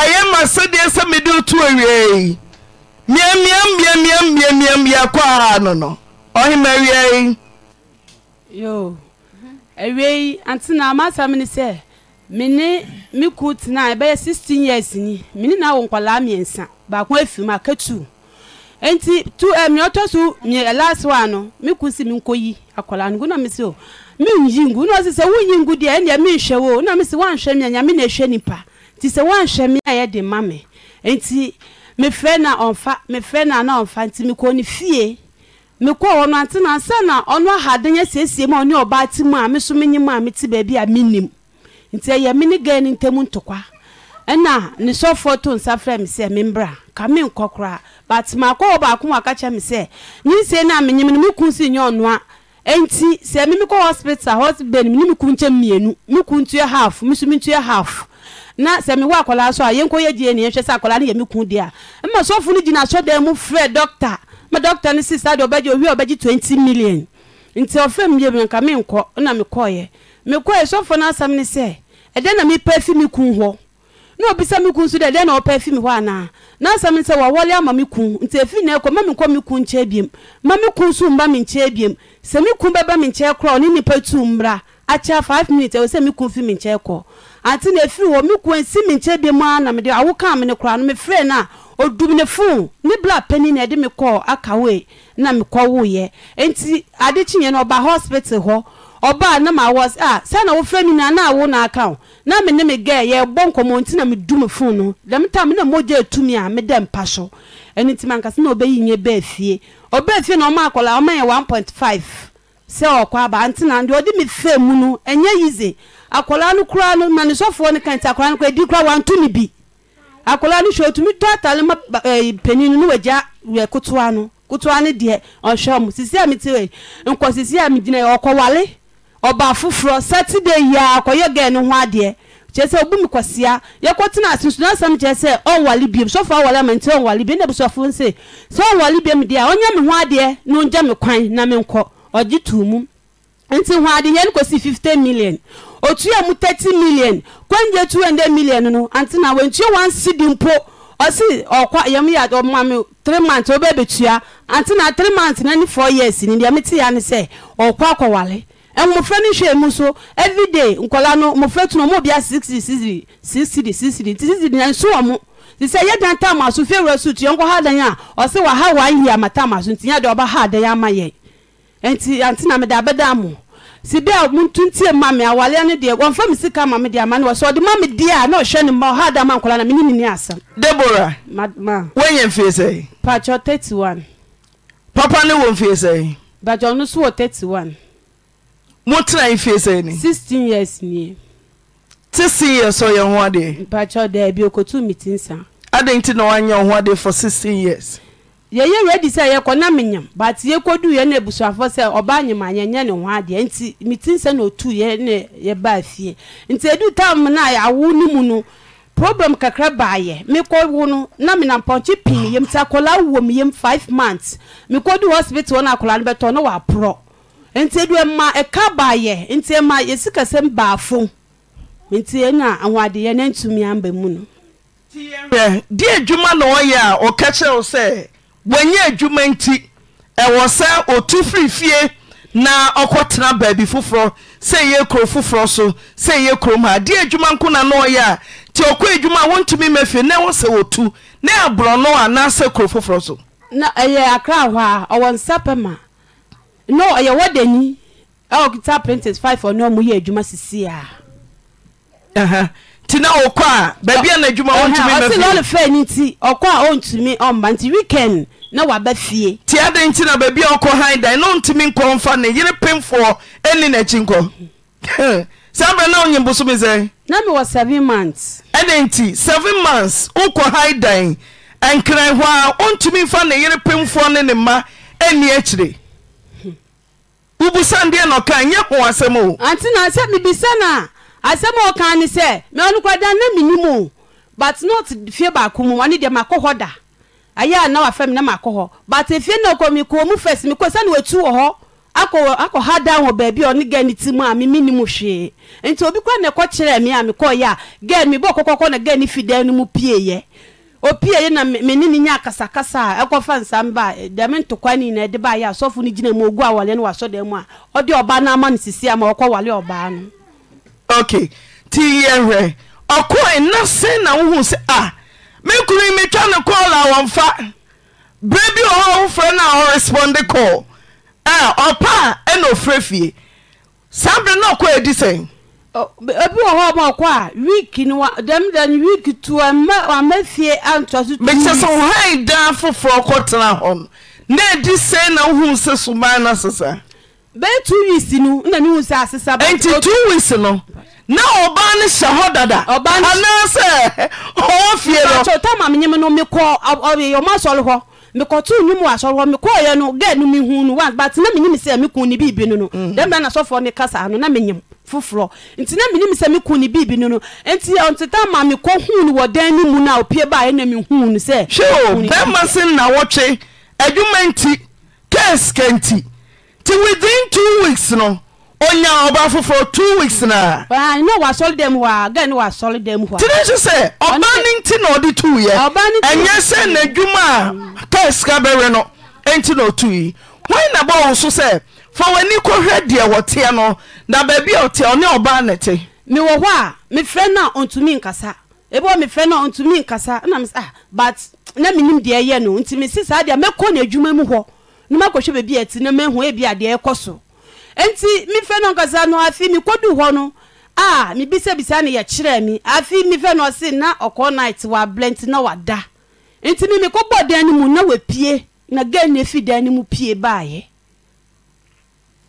ayɛ ma sɛdeɛ sɛ mede woto awiei mmeammeammeammeammeammeakɔ a no no ɔhema awiai yo awiei ante na amasɛm ne sɛ mene me ku tena ɛbɛyɛ 16 years ni mene na awo nkɔlaa mmiɛnsa baako afiri mu aka nti tu ɛmea eh, ɔtɔ so mie eh, last one no me ku si me nkɔyi akɔlaa no gu na me se o menyi ngu na ɔse sɛ wonyi ngu deɛ ɛnneɛ menhwɛ wo na me se woanhwɛ me a nyame na ɛhwɛ nipa ti sɛ woanhwɛ me a yɛde ma me nti mefrɛ na ɔmfa mefrɛ na na ɔmfa nti mekɔ ne fie mekɔ no ante na sɛ na ɔno ahaden asiesie mu a ɔne ɔbaa ati mu a me so menye a mete baabi a menim nti ɛyɛ me ne ne ntam ntokwa ɛna ne sɔfoɔ to nsa frɛ me sɛ membra ka menkɔ koraa but maakɔ wɔ baako mu aka kyerɛ me sɛ nyinsie no a menyim no meku si nyɛ ɔnoa na sɛ mewɔ akɔlaa so a yɛnkɔ yɛ die ne yɛhwɛ sɛ akɔlaa no yɛ me ku deɛ a ma sɔfo no gyina asɔdan mu frɛ dɔkta ma dɔkta no si saa deɛ ɔbɛgye owie ɔbɛgye 20 million nti ɔfrɛ me biom nka menkɔ na mekɔɔyɛ mekɔɛ sɔfo no asɛm ne sɛ ɛdɛn na mepɛ fi me ku hɔ na obisa me kun so dɛ dɛn na ɔpɛ fi mi hɔ anaa na asɛm ne sɛ wɔwɔle ama me kun nti efi na ɛkɔ ma me kɔ me kun nkyɛn biem ma me kun so mba me nkyɛn biem sɛ me kun bɛba me nkyɛn korɔ ɔne nipa tu mbra akyɛ five minutes ɛwɔ sɛ me kun fi me nkyɛn kɔ ante na efiri wɔ mi kwan si mi nkyɛn bi mu ana mi de awo kan mi ne kora no mi fira na odum ne fon ne bla panyin na ɛde mi kɔ akawe na mi kɔ wo yɛ nti adekyinyɛ no ɔba hospital hɔ ɔbaa na ma wɔ a sɛ na wofra mi na na awo na aka o na mi ne mi gɛ yɛ bɔ nkɔmɔ nti na mi du mi no dɛm ta mi na mo gye etumi a mi dɛ mpa so ɛni ti ma nkasi na ɔbɛyi nye bɛɛ fie ɔbɛɛ fie na ɔmo akɔla ɔmo yɛ one point five sɛ ɔkɔ aba nti na deɛ ɔde mi fɛ mu no ɛnyɛ yize akwadaa no kura no ma ne sɔfoɔ no kan ti akwadaa no kura edi kura wantu ne bi akwadaa no hyɛ otumi tɔ atale ma ɛɛ eh, panyin no wagya wɛ eh, kutuwa no kutuwa no deɛ ɔhwɛ ɔmo sisi a mi ti wɛ nkɔ sisi a mi gyina yɛ ɔkɔwale ɔbaa foforɔ sátidé yia akɔyɛ gɛɛ no ho adeɛ kyerɛ sɛ obu mi kɔsia yɛkɔtena asunsun asɛm kyerɛ sɛ ɔnwale biem sɔfo awale ama nti ɔnwale biem ɛbi sɔfo nse sɛ ɔnwale biem deɛ ɔnyɛ mi ho adeɛ na ɔngya mi kwan na mi nkɔ ɔgye tuu nti ho adeɛ yɛn kɔsi fifteen million ya mu 30 million kwangye 200 million no ante na wantua wansidi mpo ɔse ɔkwa yɛm yɛ ɔmame 3 months ɔbɛbɛtua ante na 3 months na years ni deɛ ya ne sɛ ɔkɔ akɔwale mmɔfra no hwɛ mu so everyday nkɔla no mmɔfra ɔmo bia ɔmo tam so tu ha dan a ha ama tam nti ha dan ama nti si bia muntuntie ma me awale ne deɛ wɔmfa me sika ma me deɛ ama ne wɔ sɛ ɔde ma me deɛ a na ɔhwɛ ne ma ɔha da nkɔla na mene nini asɛm debora woanya mfie sɛe pakyɛ 31 papa ne wɔ mfie sɛe bakyɛ ɔno so wɔ 31 motena mfie sɛe ne 16 years nie te se years ɔyɛ ho adeɛ pakyɛ daabi ɔkɔtu metinsa adɛn nti na woanyɛ wo ho adeɛ for sixteen years yɛyɛ ready sɛ yɛkɔ na menyam but yɛkɔdu yɛ ne abusuafoɔ sɛ ɔbaa nyima yɛnyɛ ne ho adeɛ nti metin sɛ na ɔtu yɛ ne yɛbaa fie nti ɛdu tam no a awo no mu no problem kakra baayɛ mekɔwo no na menampɔnkye pii meyam nti akɔla wɔ meyam five months mekɔdu hospital no akɔla no bɛtɔ no wɔaporɔ nti ɛdu ɛma ɛka baayɛ nti ɛma yɛsikasɛm baafo nti ɛna ahoadeɛ no antumi amba mu no deɛ adwuma na ɔyɛ a ɔka kyerɛ wo sɛ w'anyɛ adwuma nti ɛwɔ sɛ ɔtu firifie na ɔkɔtena baabi foforɔ sɛ ɛyɛ kuro foforɔ so sɛ ɛyɛ kurom ha deɛ adwuma nko na na ɔyɛ a nti ɔkɔ adwuma a wontumi ma fie na ɛwɔ sɛ wɔtu ne aborɔno anaasɛ kuro foforɔ so na ɛyɛ akra hɔ a ɔwɔ nsapɛ ma no ɔyɛ wɔdani ɔkita printis 5 ɔne ɔmo yɛ adwuma sisi a nti na ɔkɔ a baabi a n'adwuma ɔntumi bɛ fie. ɔsi lɔri fɛ ni ti ɔkɔ a ɔntumi ɔmba nti weekend na waba fie. ti adan nti na baabi a ɔkɔ han dan na ɔntumi nkɔ nfa ne yere pimfoɔ ɛni n'akyi nkɔ saa bɛ na ɔnye bosom sɛ. na mi wɔ seven months. ɛna nti seven months ɔkɔ han dan nkran hɔ a ɔntumi nfa ne yere pimfoɔ ne ne mma ɛni akyire hmm. wubusa ndeɛ na ɔka nye ho asɛm o. àti na sɛ bibisa na. asɛm a ɔka ne sɛ meɔnokwada na mennim o but not fie baako mu ɔne deɛ makɔ hɔ da ɛyɛ a na wafɛ me na makɔ hɔ but fie na ɔkɔ mekɔɔ mu fis mekɔ sɛne watu wɔ hɔ akɔ ha da wɔ baabi a ɔne ga ne ti mu a mu hwee nti obi kora ne kyerɛ me a mekɔyɛ a ga mebɔ kɔkɔkɔ na ga ne dan no mu pieeɛ opieyɛ na mene ne nya akasakasa a ɛkɔfa nsam ba dɛme ntokwa ni na ɛde baayɛ asɔfo no gyina mu ogu awaleɛ no wasɔda mu a ɔde ɔba no ama no sisia ama ɔkɔ wale ɔbaa no ok nti yɛhwerɛ ɔkoe na sɛn ah, na eh, wohu sɛ a me kunu metwa awa kɔɔl a wɔmfa berɛ bi ɔhɔ wofrɛ no a ɔrespɔnde kɔɔ ɔpa a ɛna fie saa berɛ na ɔkɔ adi sɛn obi wɔ hɔ a week no dɛm da no week to ama fie antoa so mekyɛ sɛ wohae daa foforɔ kɔtena hɔ no na adi sɛn na wohu sɛ so maa bɛɛ two weeks no nna mi hun asesa nti two weeks nọ. na ɔbaa no hyɛ hɔ dada. ɔbaa no anaasɛ ɔwɔ fie no. nfa tɔ maame nyɛmɛ no mi kɔ ɔbi ɔmo asɔre mi tu nyumu asɔre hɔ mi kɔ yɛ no gɛɛ no mi hun na mi nyim sɛ mi kun ni biibi no no dɛm na sɔfo ne kasa ano na mi nyim foforɔ nti na mi nyim mi kun ni biibi no nti ɔnti tɔ kɔ hun wɔ dan mu na opie ba yɛ mi hun sɛ. o ma na nti nti within two weeks no onya ɔba foforɔ two weeks na. ne wasɔre dɛm hɔ a gɛn ne wasɔre dɛm hɔ a. tiri nso sɛ ɔbaa ne ti na ɔde tu yɛ ɛnyɛ sɛ n'adwuma a taa sika bɛrɛ no nti na otu yi wɔn na bɔ wɔn so sɛ fa wɔn ani kɔhwɛ deɛ wɔteɛ no na baabi a ɔteɛ ɔne ɔbaa na te. mewɔ hɔ a mefrɛ no a ɔntumi nkasa ebi wɔ mefrɛ no a ɔntumi nkasa ɛna mɛ ah but na menim deɛ ɛyɛ no nti mesi saa deɛ mɛkɔ n'adwuma mu hɔ na makɔhwɛ baabi ati na mahu ebi adeɛ ɛkɔ so nti mefɛ no nkasa mi afi mekɔdu hɔ no a mebisabisa ne yɛkyerɛ mi afi mefɛ no ɔse na ɔkɔ night wabrɛ nti na wada nti me mekɔbɔ dan no mu na wapie na gan ne fi dan no mu pie baayɛ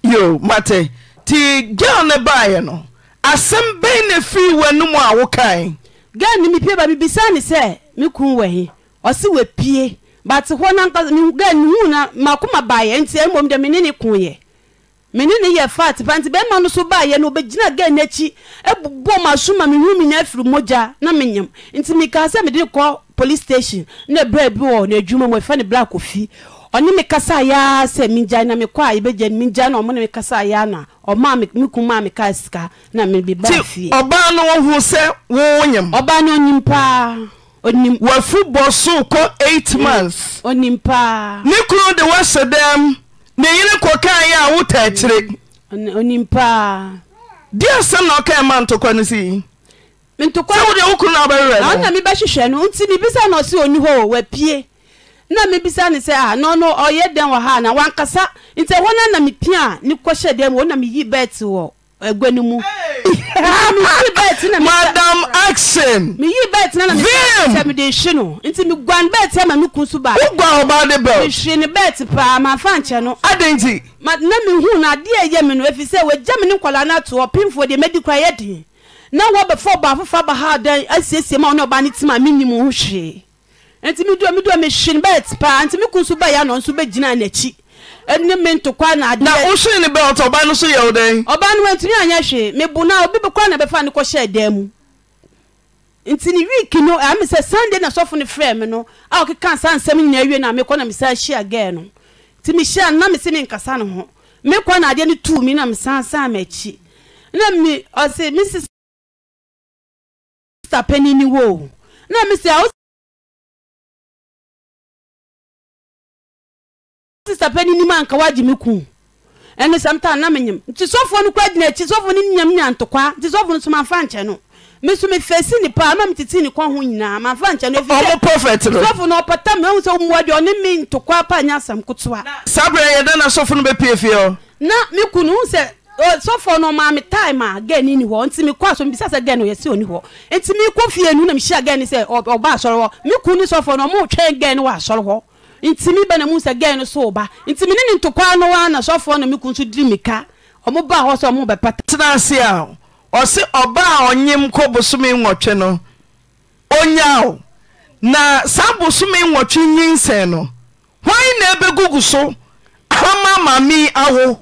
yo mate ti gyal ne baayɛ no asɛm bɛn na firi w'anom ni wokae gan ne mepie ba mebisa ne sɛ me kun wɔ he ɔse wapie but hɔ nankasa ga ne hu na makoma baeɛ nti mmom deɛ mene ne koeɛ mene ne yɛ fat pa nti bɛrima no so baeɛ no obɛgyina ga n'akyi bobɔ maso ma mehu menya afiri mogya na menyam nti mekaa sɛ mede kɔ police station na berɛ bi wɔ n'adwuma mu ɛfa ne black ofi ɔne me kasa yaa sɛ megyae na mekɔ a yɛbɛgya no megyae na ɔmo ne me kasa yaa na ɔmaa me kum a mekaa sika na mebeba fie ɔbaa no wɔhu sɛ wowonyam ɔbaa no onyim paa Onim, wafu bɔ so kɔ eight months ne kunu de woasɛ dɛm ne yere kɔkaeɛ a wota akyire deɛ asɛm na ɔkae ma ntokwa no sii sɛ wode wo kunu na wobɛwerɛ nona mebɛhwehwɛ no nti ne bisa na ɔse ɔni hɔ wapie na mi mebisa ne sɛ ah no no ɔyɛ dɛn wɔ ha na wankasa nti ɛhɔ no na mepia a ne kɔhyɛ dɛm wɔ na meyi bɛt wɔ agua no mu hey madam action vim nti mi guan bẹẹti ẹ ma mi kun so ba. o guan ọba de bẹẹ. mi sùn ni bẹẹti paa ma fa nkyɛn no. adan ti. na mi hu na adeɛ yɛ mi no efi sɛ wɔ mi ni nkɔla na to ɔpinfo deɛ mɛ di kura yɛ den na wɔ bɛ fɔ ɔba foforɔ aba ha dan asiesie ma ɔne ɔba ne ti ma mi ni mu ho hwee nti mi do mi do mi sùn bẹẹti paa nti mi kun so ba yɛ anɔ nso bɛ gyina n'akyi ɛne me ntokwa na adeɛ. na wohyɛ ne bɛ ɔtɔ ɔbaa no so yɛ wo dɛn. ɔbaa no wantumi anyɛ hwee mebu na obi bɛkɔ na bɛfa ne kɔhyɛ dan mu nti ne week no ɛame sɛ sunday na sɔfo no frɛ me no a ɔkeka nsa nsɛm nyina wie na mekɔ na mesa hyia gɛɛ no nti mehyia no na mese menkasa ne ho mekɔ na adeɛ no tuu mi na mesansan m'akyi na mi ɔse me sista ni wo na me sɛ sista panyin ni mu anka wagye me kun ɛne sɛm ta na menyim nti sɔfoɔ no kɔ agyina akyi sɔfoɔ no nyam nyantokwa nti sɔfoɔ no so mamfa nkyɛ no me so mefɛsi ne paa ma metete ne kɔ ho nyinaa mamfa nkyɛ no ɔmo prɔfɛt no sɔfoɔ no ɔpata me ɔmo sɛ ɔmuwa deɛ ɔne me ntokwa pa nyɛ asɛm ketewa saa berɛ yɛdɛ na sɔfoɔ no bɛpie fie hɔ na me ku no sɛ sɔfoɔ no ɔmaa me time a gɛni ni hɔ nti mekɔ a so mebisa sɛ gɛni ɔyɛsi ɔni hɔ nti mekɔ fie nu na mehyia gɛni sɛ ɔba asɔre hɔ me ku ne sɔfoɔ no ɔmo twɛn gɛni wɔ asɔre hɔ ntimi bɛna mu sɛ gɛn no so ba ntimi ne ne ntokwa no wa na sɔfoɔ na meku nso diri mika ɔmo ba hɔ sɛ ɔmo bɛpata. tena ase a ɔse ɔba a ɔnyem kɔ bosome nwɔtwe no onya o na saa bosome nwɔtwe nyinsɛn no hwan na gugu so ama maami awo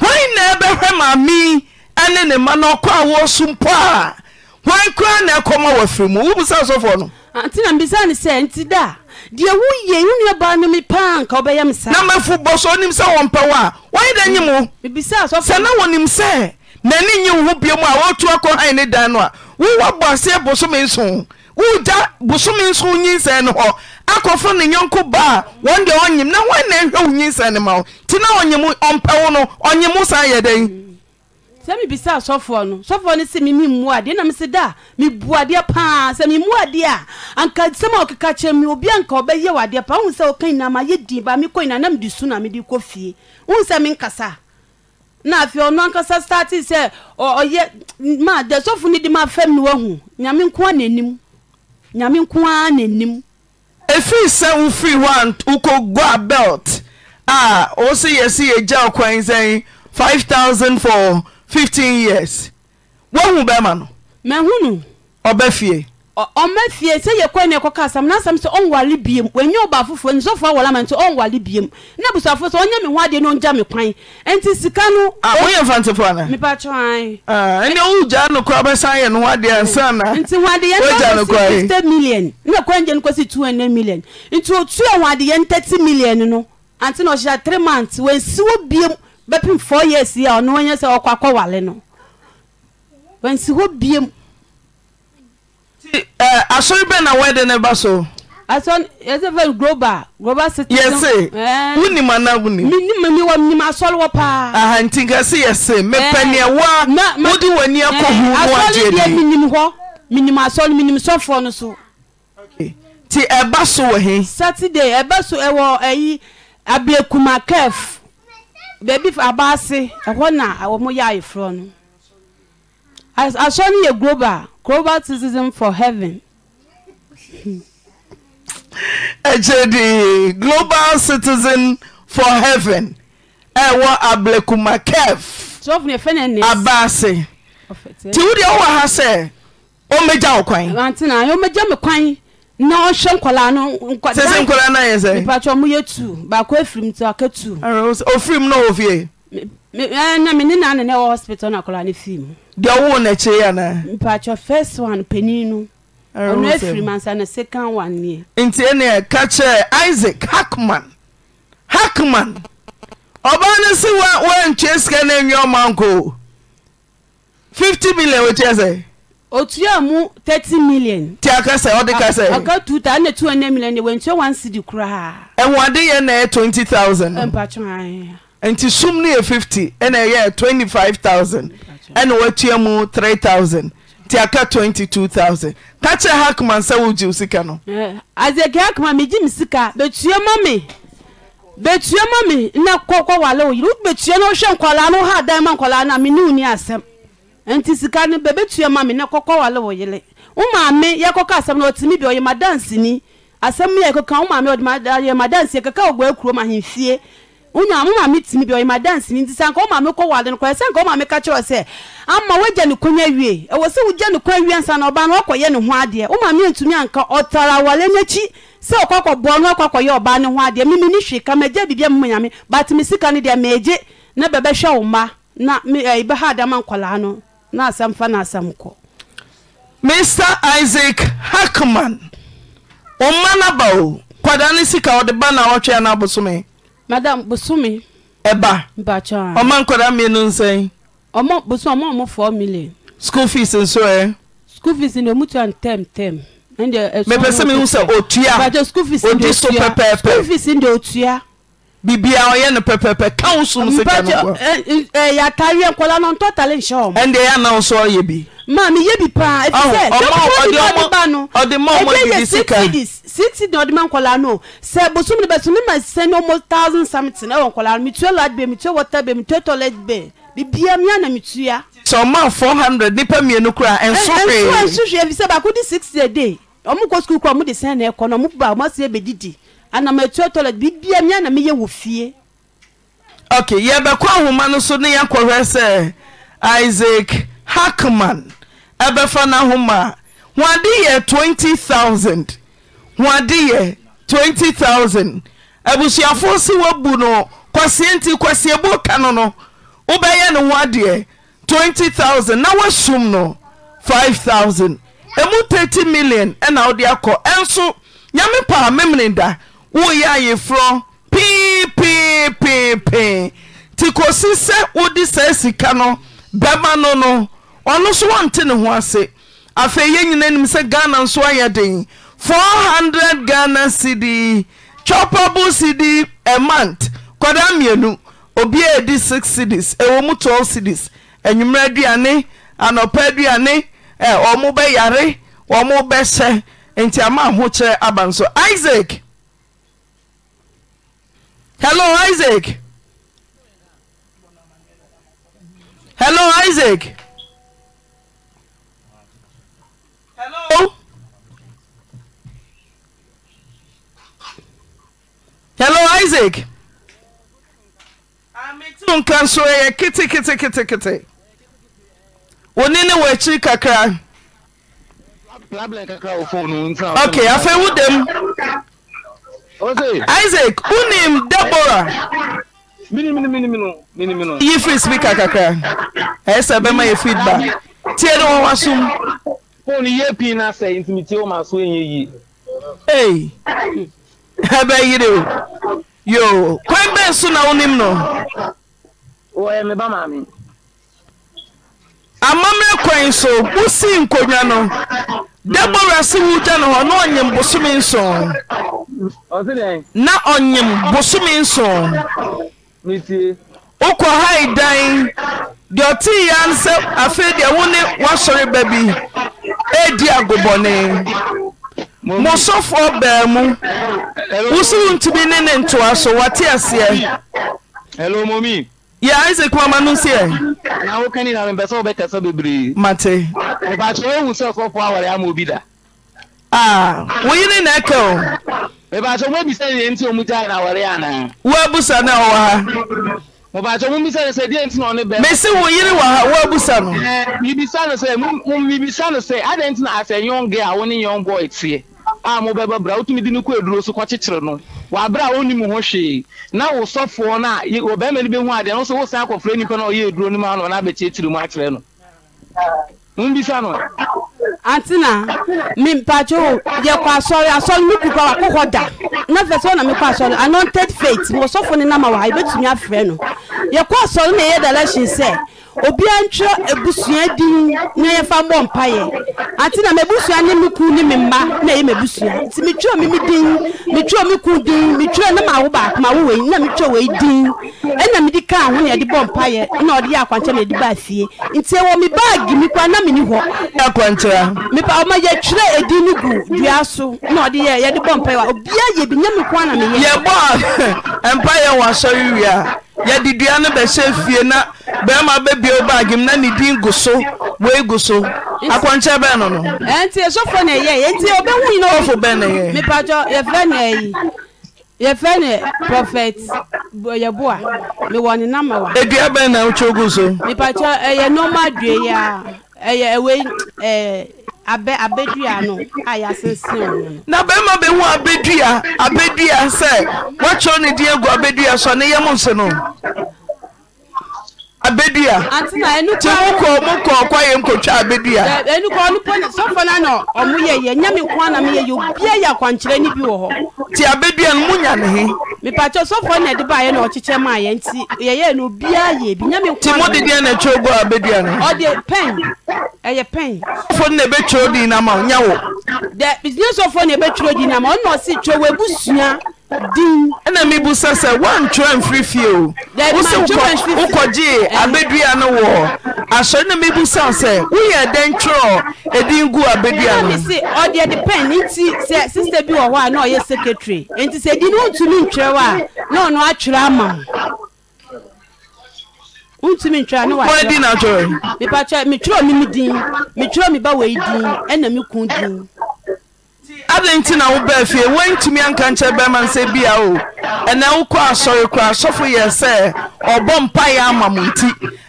hwan na ɛbɛhwɛ maame ɛne ne ma na ɔkɔ awo so mpo a hwan koraa na ɛkɔma wɔ afiri mu wobusa sɔfoɔ no. na mbisa ne sɛ nti da. ɛwoɛna mafobɔ so ɔnim sɛ wɔmpɛwo a wɔyɛdɛ nyim osɛ na wɔnim sɛ nane nyi w ho biomu a wɔtu akɔ ha ne dan no a wowa bɔ aseɛ bosome nsoo worgya bosome nso nyinsɛ ne hɔ akɔfo ne nyɔnko baa a wɔ deɛ ɔnyim na woana ɛhwɛ wo nyinsɛ ne ma wo nti na y ɔmpɛwo no ɔnye wo saa yɛdɛn sɛ mebisa asɔfoɔ no sɔfoɔ no sɛ memi mmu adeɛ na mese da mebu adeɛ paa sɛ memmu adeɛ a anka sɛm a ɔkeka kyerɛ me obi anka ɔbɛyɛ wɔ adeɛ paa wohu sɛ woka nyinaa mayɛ din baa mekɔ nyinaa na mede su na mede kɔ fie wohu mi menkasa na afei ɔno ankasa starte sɛ ɔyɛ ma da sɔfo no de ma fam no wahu nyame nko a n'anim nyame nko a n'anim ɛfiri sɛ wofiri hɔ a wokɔgɔ a belt a for Fifteen years woahu bɛrima no mahunu ɔbɛ fie ɔma fie sɛ yɛkɔ ne ɛkɔka asam na asɛm sɛ ɔnwale biam wanyɛ ɔba afoforɔ nsɔfoɔ awala ma nti ɔnwale biam na abusuafoɔ sɛ ɔnyɛ me ho adeɛ na ɔngya mi kwan nti sika no woyɛ mfantefo ana mepakyɛ ɛne wogya Mi kora bɛsan yɛ no ho adeɛ ansa na nti ho adeɛ yɛn 50 million na kwan gye no kɔsi 200 million nti ɔtua ho adeɛ 30 million no ante na ɔhyɛ 3 months wansi wɔ biam bɛpem four years yi a ɔno wanyɛ sɛ ɔkɔ akɔwale no wansi hɔ biem asɔre bɛ na wɔde ne ba so asɔn yɛsɛ fɛ global global city yɛsɛ wonim ana wonim menim mi wɔ menim asɔre wɔ paa aha nti nka sɛ yɛsɛ mepɛ nea wo a wode w'ani akɔ hu no agyeɛ di asɔre deɛ menim hɔ menim asɔre menim sɔfoɔ no so ti ɛba so wɔ he saturday ɛba so ɛwɔ ɛyi abiekuma beebi abaase ɛhɔ na wɔn yɛ ayeforɔ no asɔ no yɛ global global citizen for heaven. di global citizen for heaven ɛwɔ ablekuma kef abaase ti wo deɛ ha sɛ ɔmmɛgya wo kwan. na ɔhwɛ nkɔlaa no sɛsɛ nkɔlaa no ayɛ sɛ mepatwɛ moyɛ tu baako aka tu ofirim na ɔwɔ fie na mene na ɛwɔ hospital na akɔlaa no fii deɛ ɔwoo no akyiri anaa mepatwɛ first one panin no ɔno afirim ansa na second one nie nti enyi ka isaac hackman hackman ɔbaa no sika million sɛ otua mu thirty million ti aka sɛ ɔde ka sɛ ɔka tuta ɛna tu ɛna million de wɔntua one cd koraa na yɛ 20000 mpatwa nti sum no yɛ 50 ɛna ɛyɛ 25000 ɛna wɔatua mu 3000 ti aka 22000 kacha kyerɛ hakman sɛ wogye ji e, sika no azeki hakman megye me sika me me na wale nkwalaa no dan ma nkwalaa ni asɛm nti sika no bɛbɛtua ma me na kɔkɔ wale wɔ yele wo maame yɛkɔka asɛm no ɔtumi bi ɔyɛ madanseni asɛm yɛ kɔka wo maame ɔyɛ madansi kɛka ɔgbɔ akurom ahemfie wonya mo maame tumi bi ɔyɛ madanseni nti sɛ anka wo maame kɔ wale no kɔyɛ sɛ anka wo maame ka kyerɛ sɛ ama woagya ne konya wie ɛwɔ sɛ wogya ne konya wie ansa na ɔbaa no ɔkɔyɛ ne ho adeɛ wo maame antumi anka ɔtara wale n'akyi sɛ ɔkɔ akɔboa no akɔ akɔyɛ mimi ne hwee ka magya biribia mmu bat me sika no na bɛbɛhwɛ wo mma na ɛbɛha eh, adama nkɔlaa no na asɛm mr isaac hackman ɔma no ba o kwadaa ne sika ɔde ba na ɔtwe ana bosome madam bosome ɛba ɔma nkwadaa mmienu nsɛn ɔmɔ bosome ɔmɔ ɔmɔ four million school fees nso ɛ school fees ni omu tua ntɛm ntɛm mepɛ sɛ mehu sɛ ɔtua ɔdi so pɛpɛɛpɛ school fees ni ɔtua bibia ɔyɛ no pɛpɛpɛ council sika no yɛatareɛ nkɔla no ntɔtale nhyɛ ɔm ɛnde yɛ ana nso ɔyɛ bi maa mi yɛ bi paa efi sɛ dɔkita bi ɔde ba no ɛdɛ yɛ sixty sixty de ɔde ma nkɔla no sɛ bosom de bɛso mi ma sɛ no almost thousand something ɛwɔ nkɔla no mi tue lad bɛ mi tue water bɛ mi tue toilet bɛ bibia mi ana mi tua. sɛ ɔmaa four hundred nipa mienu kura ɛnso hwee ɛnso ɛnso hwee efi sɛ baako di sixty a day ɔmo kɔ sukuu kura ɔmo de sɛn na ɛkɔ na ɔmo ba ɔmo asɛ ebedidi. ana m etu toilet bibia na meyɛ wɔ fie ok yɛbɛkɔ ahoma no so ne yɛakɔhwɛ sɛ isaac hackman ɛbɛfa no ahoma 20000 ho 20000 abusuafoɔ se woabu no kwaseɛ nti kwaseɛ bo ka no no wobɛyɛ ne ho adeɛ 20000 na no 5000 woyɛ ayeforɔ piipiipii nti kosi sɛ wode saa sika no bɛma no no ɔno so wɔnte ne ho ase afei yɛ nyina anim sɛ ghana nso ayɛ den 400 ghana cd chopable cd a month kɔda mmienu obiaa ɛdi 6 cities ɛwɔ mu 12 cities anwummerɛ aduane anɔpa aduane ɔmo bɛyare ɔmo bɛhyɛ nti ama ahokyerɛ aba nso isaac hlo isaacl isaaclo isaac kasoɛyɛ kt wo nine wotsir kakraafewodem isaac unim deborah. mini mini mini mini mini mini. yi free speaker kakra ɛyɛ sɛ bɛma yɛ feedback tie ne wɔn wasum. fóònù yẹ pin náà sẹ ntumi tí o Yo, so yẹ yìí. ee o yoo kwan bẹ́ẹ̀ so na onim no. wọ́n yẹ kwan so wusi nkonnwa no. Deborah si wugya na hɔ na ɔnyem bosome nson na ɔnyem bosome nson wokɔ ha dan deɛ ɔtee ya n sɛ afei deɛ wo ne woasɔre ba bi edi agobɔne mosɔfoɔ baa mu wo ne ne ntoa so wɔte aseɛ ya isaac mama nu Na ɛ. n'awo kɛnɛ na mbɛ sɛ ɔbɛ kɛsɛ bebree. mate. ɔba tí o wù sɛ ɔfɔfɔ awari ama obi aa ah, wòye ni na ɛkɛ o. ɔba tí o mo bisɛ yẹn ti o mu jaa na awari ana. wo abusa na ɔwɔ ha. ɔba tí o na ɔne bɛ. mesi wo yiri wɔ ha wo abusa no. ɛɛ eh, bibisa no sɛ mu bibisa no sɛ adi ti na asɛ young girl ni young boy a mobɛba bra wotumi de ne kɔ aduro so kɔkyekyere no wɔaberɛ a ɔnim ho hwee na wo sɔfoɔ no a ɔbɛrima no bɛhu adeɛ no so wosan akɔfrɛ nnipa no ɔyɛ aduro no ma no na abɛkyerɛkyere mu akyerɛ no mbisa no antina mempatwo yɛkɔ asɔre asɔre me kupa wakokɔ da na fɛ sɛ wona mekɔ asɔre anointed fate mewɔsɔfo ne nama wɔ ha yɛbɛtumi afrɛ no yɛkɔ asɔre na ɛyɛ dalation sɛ obia ntwerɛ ebusua din na yɛfa mbɔ mpaeɛ ate na mabusua ne me kuu ne me mma na ɛyɛ mabusua nti metwerɛ me me din metwerɛ me kuu din metwerɛ na maawo baako maawo wei na metwerɛ wei din ɛna mede kaa ho na yɛde bɔ mpaeɛ na ɔde yɛ akwankyerɛ na yɛde baa fie nti e ɛwɔ mi baagi me kora na meni hɔ akwankyerɛ mepa ɔma yɛtwerɛ edi ni gu dua so na ɔde yɛ yɛde bɔ mpa wa obia yɛ bi nyɛ me kora na meyɛ yɛbɔ mpaeɛ wɔ asɔre wie a yɛde dua no bɛhyɛ fie na bɛrima bɛbio baage m na ne din gu so wei gu so akɔnkyɛ bɛn no nofo bɛn neyɛ yɛfrɛ ne profet yɛboa mewɔ ne nama wa adua bɛn na wokyɛ gu so mepa ɛyɛ noma aduei a ɛyɛ ɛwɛ ɛɛ abɛ abɛdua no a yɛasensɛn wɔn. na bɛrima bɛ hu abɛdua abɛdua sɛ wɔakyerɛ ne di egu abɛdua so ne yɛm nse no. abedua tí mo kọ mo kọ ọkọ yẹn kò twa abedua. ẹnu kọ ọnu pọnyi sọfọ náà nà ọmú yẹ yẹ nyami kọ àná mi yẹ yẹ obi ẹ yẹ akwankyerẹ níbi wọ họ. ti abedua mu nya ne he. mipatso sọfọ náà ẹdi báyẹ náà ọkyekyẹ maa yẹ nti yẹ yẹ ẹnu obi a yẹ ebi nyami kọ àná. ti mo didi ẹ na etwa ogu abedua ne. ọdi pẹn ẹyẹ pẹn. sọfọ náà ebe twerɛ di nama nya wo. dẹ sọfọ náà ebe twerɛ di nama ọ ɛna mebusa sɛ woantwerɛ mfiri fie o wo sɛ wokɔgyee abɛdua no wɔ asɔre na mebusa sɛ woyɛ dɛn twerɛ ɛdin gu abɛdua no ɔdeɛ depend nti sɛ sister bi wɔ hɔ a na secretary nti sɛ di no wontumi ntwerɛ w a na ɔno atwerɛ ama wo wontumi ntwerɛ ne wadi na atwerɛ mepatwerɛ metwerɛ adị nti na wụba efie wee ntumi anka nche bema nse bia o ene wụkọ asọrị kura asọfo ya ese ọbọ mpa ya ama m nti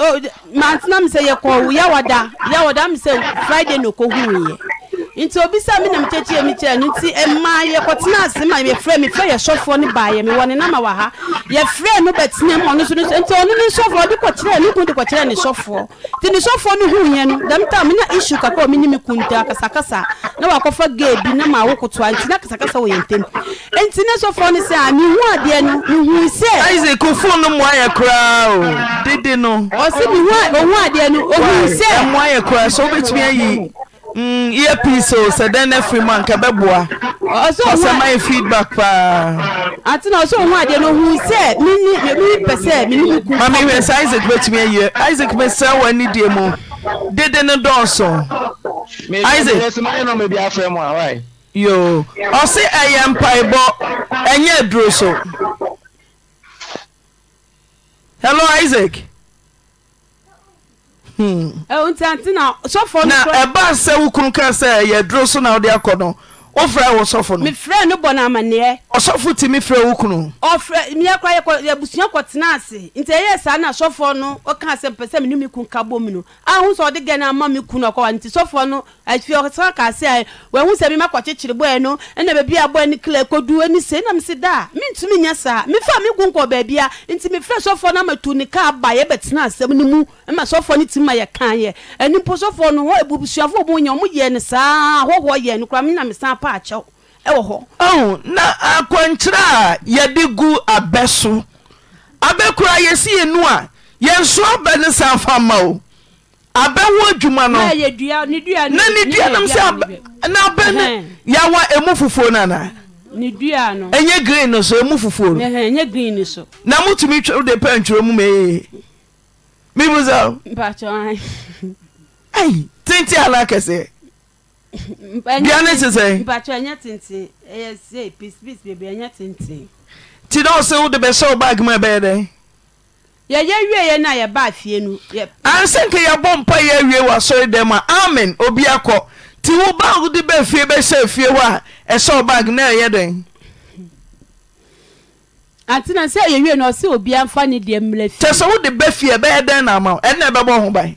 oh mantena mi sɛ yɛ kɔn wu yawada yawada mi sɛ friday na ko hu yɛ nti obi sɛ mi na mekyekyi mi kyerɛ no nti mmaa yɛkɔtena ase ma yɛfrɛ mi fɛ yɛsɔfoɔ no ba yɛ mi wɔ ne nama wɔ ha yɛfrɛ no bɛtena mu ɔno nso no nti ɔno ne nsɔfoɔ ɔde kɔkyerɛ ne kun de kɔkyerɛ ne sɔfoɔ nti ne sɔfoɔ no hu yɛ no dɛm ta mi na isu kakra omi ne mi kun ta kasakasa na wakɔfa gay bi na ma awoko toa nti na kasakasa wɔ yɛn ntam nti ne sɔfoɔ no sɛ a mi hu adeɛ no mi hu sɛ. ayize ko fone no mu ayɛ koraa o dede no. ɔsi mi hu ɔhu adeɛ no ohun sɛ. ɛmu ayɛ koraa so obetumi ayi iye mm, piece o sɛ dɛn ne firi mu anka bɛboa ɔsɛ ɔsɛ mayɛ feedback paa ate na ɔsɛ ɔho adeɛ no hu sɛ mini mini pɛ sɛ mini hu kun maame hwɛ sɛ isaac bɛtumi ayi isaac bɛsɛ wɔ anidie mu dede ne dɔɔso isaac yo ɔse ɛyɛ mpaebɔ ɛnyɛ aduro so hello isaac. Hmm. na ɛba sɛ wo kunu ka sɛ yɛ duro so na wode akɔ no wofrɛ wo sɔfo no mefrɛ no bɔ no amanneɛ ɔsɔfo tumi frɛ wo kunu ɔfrɛ meɛ kora yɛabusua kɔtena ase nti ɛyɛ saa na sɔfoɔ no ɔka sɛ mpɛ sɛ mene me ku ka bɔ mu no ahu sɛ ɔde gɛ no ama me ku no ɔkɔwa nti sɔfoɔ no afie ɔsa ka se a wahu sɛ mema kɔkyekyere bɔɛ no ɛna baabi a bɔɛ no kla kɔdu na mese da a mentumi mu ma sɔfoɔ no timi ma yɛkaeɛ ɛno mpo mu nya ɔmo yɛ no saa hɔhoɔ yɛ no na akankyerɛ a yɛde gu abɛ so abɛ koraa yɛsɛ yenu a yɛnso abɛ no sa afa ma o abɛ hɔ adwuma nona ne duanomɛna abɛn yɛawa mu fufuo no anaa yɛ gir no so mu fufuono na motumi twɛ depantwrɛmum m titinkɛsɛ diane sese. mpatsɔ ɛnyɛ tenten ɛyɛ se pisipisi bebe ɛnyɛ tenten. ti dɔw se wo de bɛ sɛw baagi ma bɛyɛ dɛ. yɛyɛ wie yɛ na yɛ ba fie nu. anse nke yɛbɔ mpa yɛ wie wa sɔrɔ dɛm a amen obi akɔ ti wo baagi de bɛ fie bɛ sɛ fie hɔ a ɛsɛw baagi na ɛyɛ dɛ. ati na sɛ yɛ wie na ɔsi obi anfa ne deɛ mmerɛ fie. kyɛ de bɛ fie bɛyɛ dɛn na ama ɛna ɛbɛbɔ ho ban.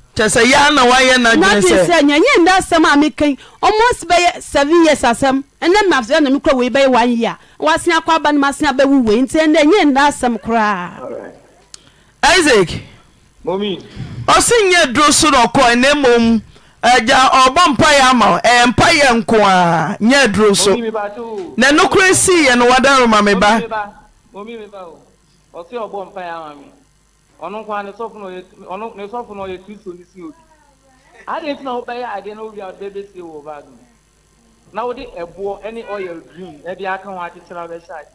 kyɛsɛ ya na wayɛ nasɛ nyanyɛ nda asɛm a mekai ɔmos bɛyɛ seven years asɛm ɛnɛ mafsɛ na mekora wei bɛyɛ one year wasea akɔ aba nom asea bɛwu wei nti ɛndɛ nyɛ nda asɛm koraa isaac ɔse nyɛ duro so na ɔkɔe na mmom agya ɔbɔ mpayɛ ama ɛyɛ mpayɛ nko a nyɛ duro so na ɛnokora si yɛ no wada me ba ɔno nko ara ne sɔfo na ɔyɛ ɔno ne sɔfo na ɔyɛ kristu ne si obi adeɛ nti na wobɛyɛ adeɛ na obi a ɔde bɛsie wɔ baage mu na wode ɛboɔ ɛne ɔyɛ green ɛde aka ho akyekyere abɛhyɛ ade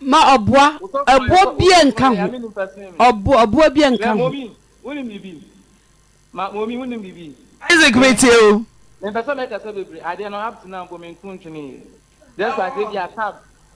ma ɔboa ɛboɔ bie nka ho ɔboa ɔboa bie nka ho wonim biribi ma momi wonim biribi isaac metie o mepɛ sɛ mɛkasa bebree adeɛ no up to now bɔ menkuntwene just like ebi a tab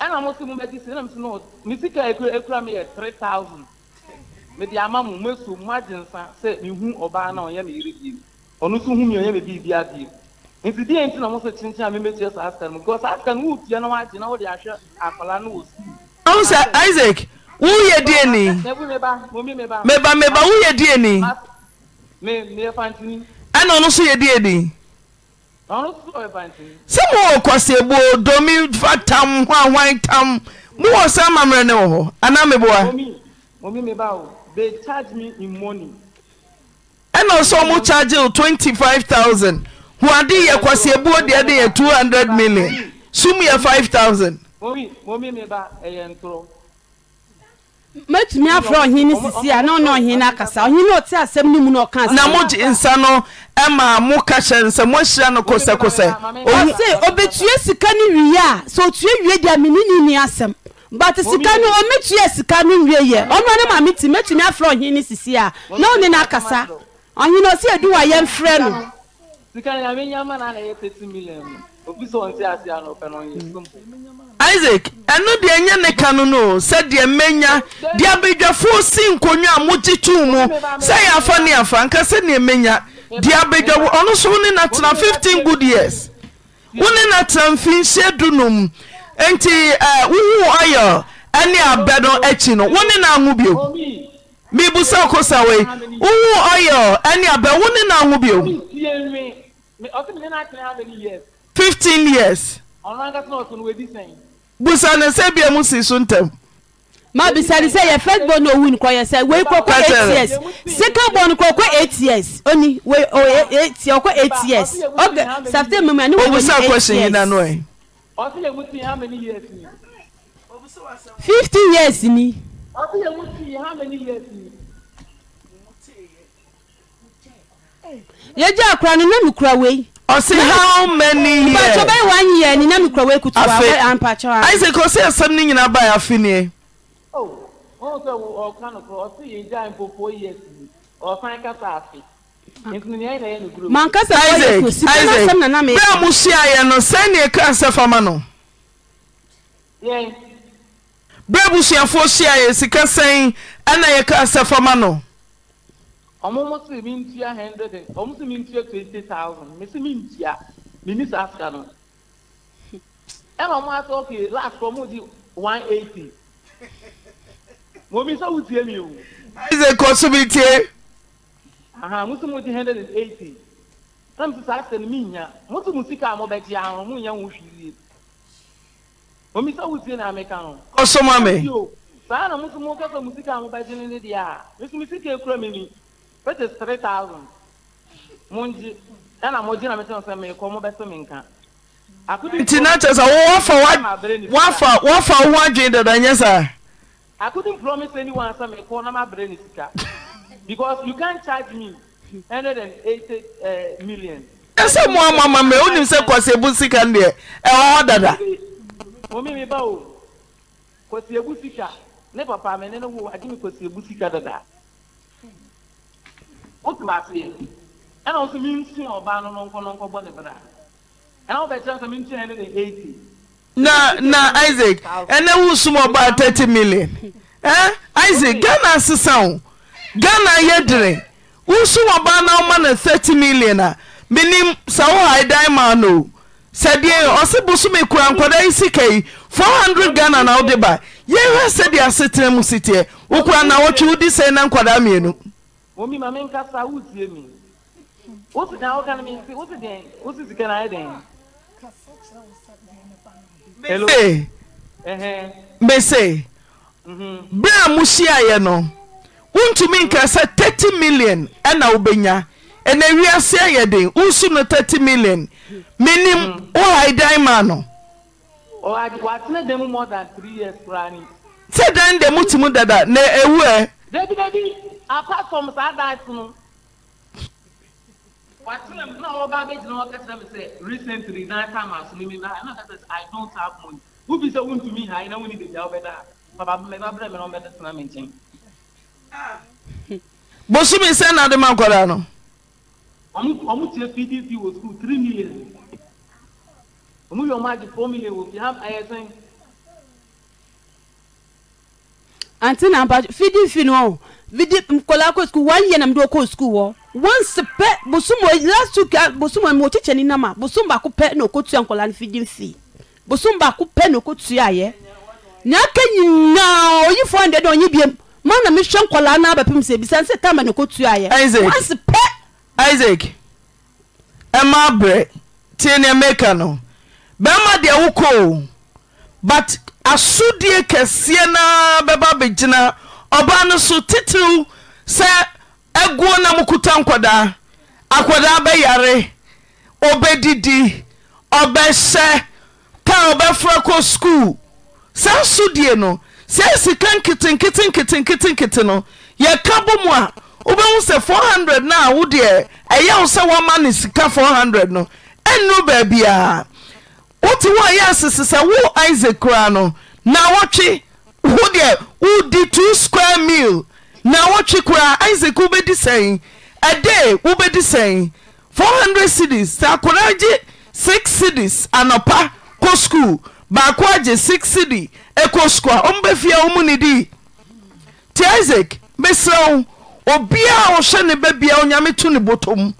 ɛna mo si mo bɛ di si ɛna mo si no mi sika ekura ekura mi yɛ three thousand mi di ama mo mo esu mo agye nsa sɛ mi hu ɔbaa na ɔyɛ mi yiri bi ɔno so hu mi ɔyɛ mi bi bi abi nti di yɛn na mo sɛ kyinkyin a mi bɛ tia saa sika no because saa sika no wo tia na wagye na wo de ahwɛ akwadaa no wɔ sukuu. ɔn sɛ isaac wúyẹ díẹ ni mẹba mẹba wúyẹ díẹ ni. mi mi yẹ fantini. ẹnna ọ̀nà sọ yẹ díẹ ni sɛ mowɔ kɔsebuo domi fa tam ho ahwan tam mowɔ sɛ amammerɛ ne wɔ hɔ anaa meboa ɛna ɔsɛ ɔmo charge wo 25000 ho ade yɛ kɔsebuo deɛ de yɛ 200 million sum yɛ 5000 mɛtumi afrɛ ɔhene sisi a na ɔne ɔhene no akasa ɔhene ɔte asɛm no mu na ɔka na mogye nsa no ma mo ka hyɛ no moahyira no kosɛkosɛ ɔse ɔbɛtua sika no wie a sɛ ɔtua wie deɛ mene ne asɛm sika no ɔmɛtua sika no wie ɔno ne ma meti mɛtumi afrɛ ɔhene sisi a na ɔne no akasa ɔhene ɔse adu no obi sọ nti ase ano isaac ɛno deɛ ɛnyɛ ne ka no no sɛdeɛ mmɛnya deɛ abadwafoɔ si nkonnwa a mogye too mu sɛ yɛ afa ne afa nka sɛdeɛ mmɛnya deɛ abadwafo ɔno so wo ne natena 15 good years wo ne natena mfinhyia dunum nti wohu oil ɛne abɛ no akyi no wo ne na aho bio mibusa okosa wei wohu oil ɛne abɛ wo ne na aho bio fifteen years. ọ̀nà ankasa náà busa ne sẹ́ bí emu sì so ntẹ̀m. má bisa ni yẹ first born owu nkọ yẹ sẹ́ wẹ́ẹ́ kọ́ kọ́ eight years second born kọ́ kọ́ eight years Oni ní wẹ́ẹ́ ó eight years kọ́ eight years ok sàfẹ́ mímu ẹni wọ́n ní eight question yìí nanu ẹ̀. ọtí how many years ni. fifty years ni. ọtí yẹ how many years ni. yẹ jẹ́ àkùrà ni nínú kura wẹ́ẹ́ ɔsi how many years. mpatsɔ bɛyɛ one year ni nam kura wei kutu wa wɛ ampatsɔ wa. ayi sɛ kò sí ɛsɛm ni nyinaa ba yà fi ni yɛ. o wọn sọ ọkan nìkan ọsí yìí já mpopọ yẹ si ọkan kasa afi. mankasa wɔ yɛ kusi bɛn asɛm nana mi. bẹ́ẹ̀ mo ṣe ayẹ no sẹ́yìn ni eka ẹsẹ̀ fama no. bẹ́ẹ̀ busuafo ṣe ayẹ sika sẹ́yìn ẹ̀na yẹ ká ẹsẹ̀ fama no ọmụmụ si mi ntua hundred ọmụ si mi ntua twenty thousand mi si mi ntua mi ni saa sika no ɛna ɔmụ asị ɔkè last ɔmụ di one eighty mụ omi sọ wutie mi o. aize kọsụ mi tie. aha mụ si mụ di hundred and eighty sam si saa sị mi nya mụ si mụ sika mụ bụ gye ahụ mụ nya mụ hwiri omi sọ wutie na amịka no. kọsụ mụ amị. saa na mụ si mụ kọsụ mụ sika mụ bụ gye ne deɛ a mụ si mụ sika ekura mi mi which is three thousand mo ngyi ɛna mo gyina mi sɛ ɔsɛ mi kɔ mo bɛ sɛ mi nka. nti na kyerɛ sɛ wafa wafa wafa wo adwene dada nyɛ saa. I couldn't promise anyone some economic brain is because you can't charge me 180 eh, million. Ẹsẹ̀ e mu ama ama mẹ́ o ní sẹ́ kwasi ebu sika ni ẹ̀ ẹ̀ ọ́ dada. Omi mi bá o, kwasi ebu sika, ne papa me ne ne wo adi mi kwasi ebu sika dada. ya ɛna ɔsi mi nsi ɔbaa no nɔnkɔ nɔnkɔ bɔ ne bra ɛna ɔbɛ kyerɛ sɛ mi nsi ɛne ne eighty. na na isaac ɛnɛ wusum ɔbaa thirty million ɛn e, isaac ghana sisan ghana yɛ dere ọba na ɔma na thirty million a minim sawo ha ɛdan maa no sɛdeɛ ɔsi busumi kura nkɔda isi sika yi four hundred ghana na ɔde ba yɛhwɛ sɛdeɛ asetena mu si site wokura na wɔtwe wodi na nkɔda mmienu. omi mami nka saúde e mi. Usi na oga mi si usi den usi si kana e den. Hello. a muhyia yɛ no, wuntumi nka thirty million ɛna wobɛnya. Ɛna wiase ayɛ den, wusu no thirty million. Menim wo mhm. ha dan o no. Watena dan mu more than three years koraa ni. dan dan mu dada na ewu e. Dabi dabi. apart from saa dance no wakyerɛ mu na ɔba abɛgyina hɔ kɛkyerɛ mi sɛ recently na time aso mi mi na ɛna kɛsɛ i don't have money wubi sɛ wuntumi ha ɛna wuni debi a ɔbɛda ha papa mɛma brɛ mi na ɔbɛda tena mi nkyɛn. bosumi sɛ na adi ma nkɔda no. ɔmu ɔmu tiɛ pdp wɔ sukuu three million ɔmu yɛ ɔmu agye four million wɔ fi ha ɛyɛ sɛn. àǹtí nàá pàṣẹ fídífì nù nmsnynamesɛ nkla p isak ema berɛ tine ameka no bɛma de wo ko but asodie kesiɛ na bɛba beyina ɔba no so titiriw sɛ aguo na mokuta nkwadaa akwadaa bɛyare ɔbɛdidi ɔbɛhyɛ ka ɔbɛfrɛ kɔ skuul saa sodie no sɛa sika nketenketenketenkete no yɛka bɔ mu a wobɛhu sɛ 400 na wo deɛ ɛyɛ wo sɛ woama no sika 400 no ɛnnuru baabiaa wote woayɛ asese sɛ wo isaac koraa no na wotwe wo deɛ wode t squae meal na wotwe koraa isaak wobɛdi sɛ ada wobɛdi sɛn 400 cities sɛ akoagye 6 cities anɔpa kɔskuu baakoage 6i cit koskoa ɔmbɛfia wo mu ne di nti isaak mɛsrɛ wo obiaa wɔhyɛ ne babiaa ɔnyameto ne botom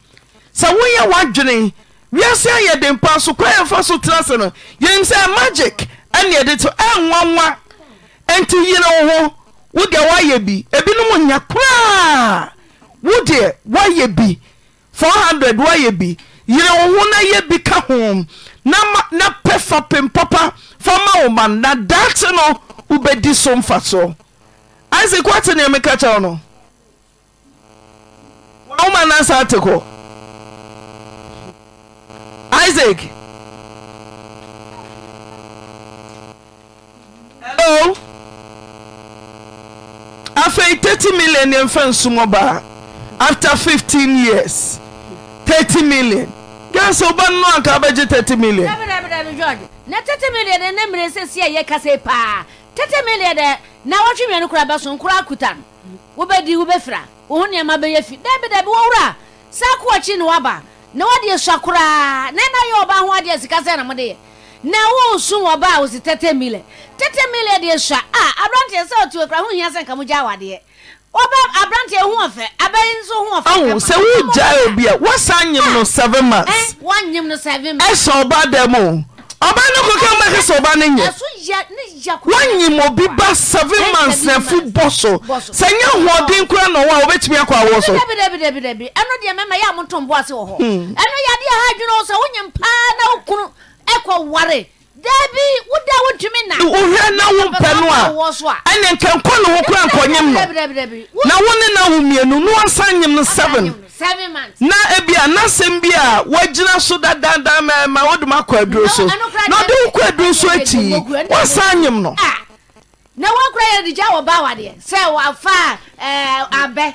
sɛ woyɛ wodwene wiase ayɛ dempa so kaɛmfa so tra sɛ no yɛni sɛ magic ɛne de t awa ɛnti yere wo ho wo bi ebinom nya koraa wo bi 400 woayɛ bi yere wo na yɛ bi ka ho na pɛ fa pempapa fa ma ma na daakye no di so mfa so ise koate nea meka kyɛw no woma nasa ate kɔ isaac hello afei thirty million yɛn fɛ nsumɔ baa after fifteen years thirty million gaasi o ba nínú àká abẹ́jì thirty million. dabi dabi dabi george na thirty million de ne mìíràn sèse a yẹ kase paa thirty million de na wọ́n twẹ́ ní kura bá so nkura kuta no wọ́n bẹ di wọ́n bẹ fira wọ́n ní ẹ̀ma bẹ yẹ fi dabi dabi wọ́n wura sáà kú ọ̀kyi ni wọ́n aba na wọ́n di esua kuraa na ẹ̀ náà yẹ ọba ho adìẹ sika sẹ́yìn na mo de yẹ na wo sun wɔ ba a wosi tɛtɛ milɛ tɛtɛ milɛ deɛ sua a aberanteɛ sɛ ɔtu okura ho hia sɛ nka mo gya awadeɛ wɔbɛ aberanteɛ ho ɔfɛ abɛyi nso ho ɔfɛ. awo sɛ wo gya obi a wasan nyim no seven months. ɛ wanyim no seven months. ɛsɛ ɔba dɛm o ɔba ne kɔkɛ mba kɛ sɛ ɔba ne nyɛ. ɛso ya ne ya kɔkɛ. wanyim obi ba seven months na ɛfu bɔ so sɛ nye ahoɔden kura na ɔwɔ a obetumi akɔ awɔ so. dabi dabi dabi dabi ɛno deɛ mɛma yɛ a mo tɔn bo ase wɔ hɔ hmm. ɛno yadeɛ ha adwene o sɛ wonyim paa na okunu ɛkɔ ware dabi woda wotumi na. wohwɛ na wo mpɛ no a ɛnɛ nkɛnkɔ na wo kura nkɔnyim no na wo ne na wo mmienu na wɔnsa nyim no seven na ebi a n'asɛm bi a wɔgyina so dadaada ma ma wɔde ma akɔ aduro so na ɔde wo kɔ aduro so akyi wɔnsa nyim no. Ah. na wɔn kura yɛ de gya wɔ ba awadeɛ sɛ wɔafa ɛɛ eh, abɛ.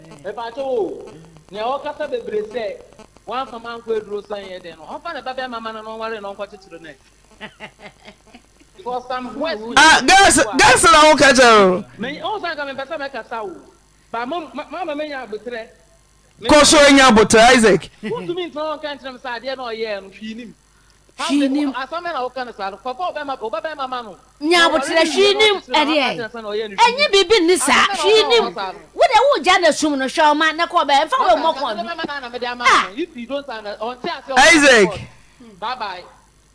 mepatwo o nea ɔkasa bebree sɛ wɔamfa manko aduro san yɛ dɛn no ɔmfa ne babɛ mama no no ɔware na ɔnkɔ kyekyere ne gas ah, na wo ka kɔ so anya abotrɛ isaac hwinim nyabotere hwinim ɛdeɛ ɛnye biribi nni saa hwinim wode wogya na sum no hwɛ ɔma ne kɔ bɛɛ mfa wɔ mmɔkɔ bi isaac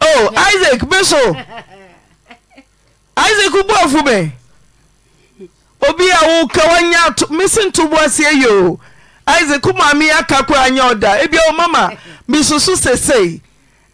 oh isaac me isaac wobu afo me obi a woka missing mese ntobo aseɛ yi o isaac wo maame yɛ aka koraa nyɛ ɔda ebia wo mama mesusu sesei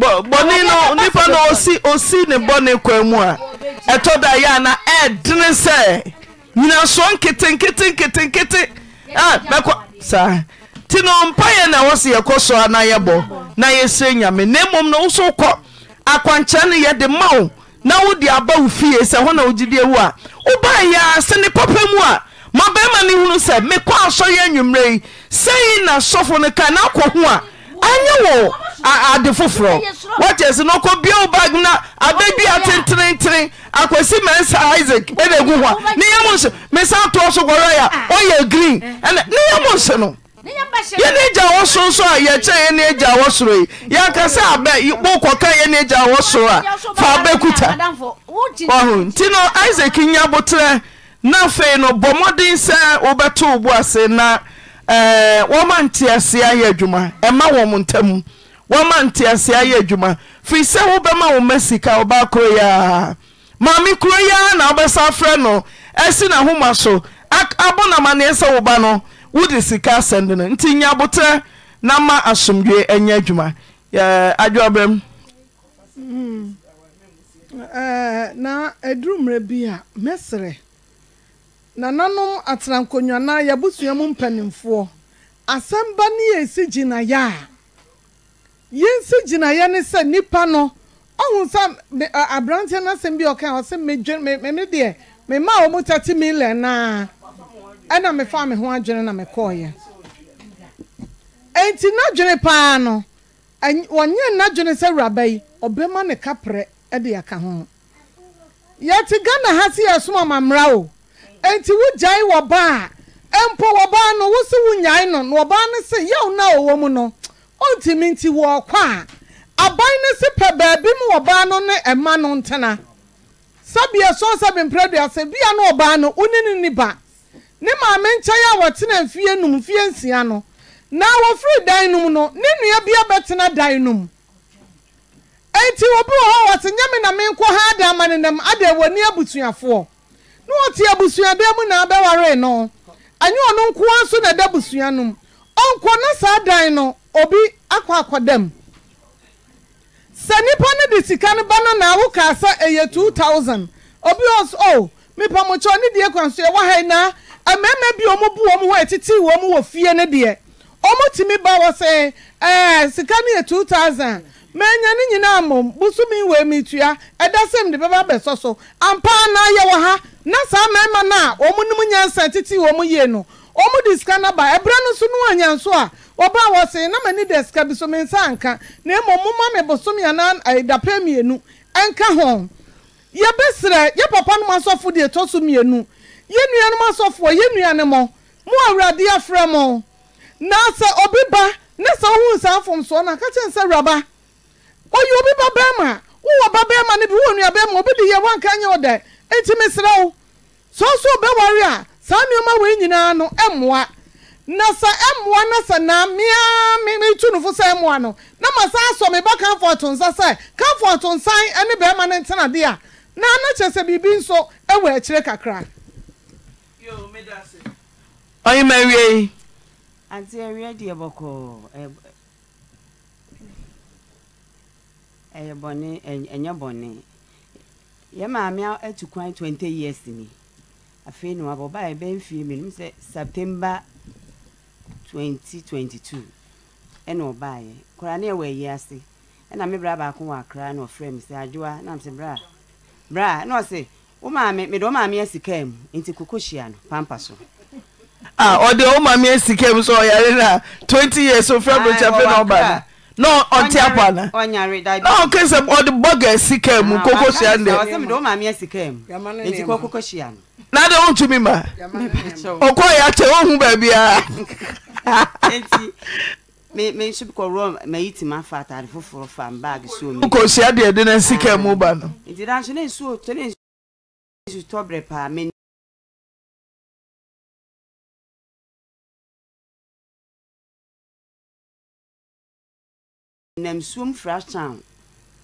bɔne no nnipa osi osii e, e, ne bɔne kwa mu a Ẹtọ da yɛ ana ɛdene sɛ nyinasoɔ nketenketenketenkete mɛkɔ saa nti no mpa yɛ na ɛwɔ se yɛkɔ soa na yɛbɔ na yɛsirɛ nyame na mmom no woso kɔ akwankyerɛ ma wo na wode aba wo fie sɛ hɔ na wogyideɛ ewu a wobaa yɛa sene papa mu a mabarima no hunu sɛ mekɔ asɔre anwummerɛ yi sɛi na sɔfo no ka na akɔ a anyɛ wọ. ade foforɔ woakyɛ se no ɔkɔ biao bag no abɛdua tenterentere akwasi mansa isaac ɛna e agu hɔ a ne yam hye mesa toɔ so kɔrɔe a ah. ɔyɛ eh. green ɛn ne yam hye no yɛne agya wɔ soro nso a yɛkyɛ yɛne agya wɔ soro yi yɛaka sɛ abɛ wokɔka yɛne agya wɔ soro a fa abɛkuta nti no isaac nya boterɛ na afei no bɔ mmɔden sɛ wobɛto wo bo ase na eh, wɔma nteaseɛ ayɛ adwuma ɛma wɔ mo woama ntease ayɛ adwuma firi sɛ wobɛma wo ma sika wɔbaa koro yɛa maame kuro yia na wobɛsa frɛ no asi na homa so abɔnamanneɛ sɛ wo ba no wode sika asɛmde no nti nya aboterɛ na ma asomdwe anya adwuma adwoberɛm hmm. eh, na aduru mmerɛ bi a mɛserɛ nananom atenankonnwana yɛabosua mu mpanimfoɔ asɛm ba ne yɛ ɛsi gyina a yi nso gyina ya ne sɛ nipa no ɔhun sɛ aberanteɛ n'asɛm bi mmemme deɛ wɔn million naa ɛna mmefa adwene na mekɔɔyɛ enti n'adwene paa no wɔnyɛ n'adwene sɛ wuraba yi ɔbɛma ne kaprɛ ɛde aka ho yɛte ghana ha si yɛsom amammerɛ o enti wogyae wɔ baa mpo wɔ baa no wosi wonyae no na wɔ baa no na ɔwɔ mu ɔntimi nti wɔɔkɔ a aban ne se pɛ baabi mu wɔbaa no ne ɛma no ntena sɛbia sɔn sɛ bemprɛduasɛ bia no ɔbaa no wo ne ne niba ne maame nkyɛe a wɔtena mfie num mfie nsia no na wɔfiri dan num no ne nnua bi bɛtena dan num. enti obi wɔ hɔ wɔte nyɛme na menkɔ ha ada ama nenam ada wɔni abusuafoɔ na wɔte abusuadan mu na abɛwaree no ɛnyɛ ɔno nkoa nso na ɛda abusua nom ɔnkɔ na saa dan no obi akwa akwa dɛm. sɛ nipa no de sika no ba no na awo kaa ɛyɛ two thousand obi ɔs oh, o mipamukyɛ ne deɛ kwan so yɛ wɔ ha yi na mmarima bi wɔn bu wɔn hɔ ɛtete wɔn wɔ fie ne deɛ wɔn tumi ba wɔ sɛ ɛɛ eh, sika no yɛ two thousand mmanya ne nyinaa mɔ busumi wɔ emi tua ɛda sɛm de bɛba abɛsɔ so ampa anaa yɛ wɔ ha na saa mmarima na a wɔn nom nyansa tete wɔn yie no. wɔn dị sika naba ɛbrɛ no so nso a ɔbaa wɔ se na mani de sika bi so me nsa anka na mmom moma me bosomi anan ɛdapɛ mmienu ɛnka ho yɛbɛsrɛ ya papa nnụnụ asɔfo dị ɛtɔ so mmienu yɛ nnụnụ no asɔfoɔ yɛ nua no mo mo awurade afrɛ mo na sɛ obi ba na sɛ wohu saa afọ no a ka kyɛn sɛ wuraba obi ba barima. wowɔ ba bɛrima no bi wo nua barima obi dị yɛ woanka nyɛ wo dɛ enti mesrɛ wo sɛ ɔso bɛware a saa nneɛma wei nyinaa no mmoa na sa mmoa na sa na mmea metu nofo sɛ mmoa no na ma saa ba kamfo atonsa sɛ kamfo ne bɛrima a na na sɛ biribi nso wɔ akyire kakra afei na waba ɔbaa ɛbɛn fie mmienu sɛ september 2022. twenty two ɛna ɔbaa yɛ koraa ne ɛwɔ ɛyi ase ɛna me bra baako wɔ akra na ɔfrɛ me sɛ adwoa na sɛ bra bra na ɔsɛ wo maame mede ɔmaame asika mu nti koko hyia no pampa so a ɔde wo maame asika mu sɛ ɔyare no a years ofrɛ brokya fɛ na ɔba no na ɔte apa na na ɔka sɛ ɔde bɔga asika mu ah, koko hyia no deɛ ɔsɛ mede wo maame asika mu nti kɔ koko na dɛ wontumi ma ɔkɔ yɛ akyɛ wohu baabiaa menso kɔworɔ mayi tim afa atade foforɔ fa mbaage sokɔhyia deɛ de na sika mu ba no nti da nso ne nsuo tɔ ne nsu tɔberɛ paa me nam suom fresh town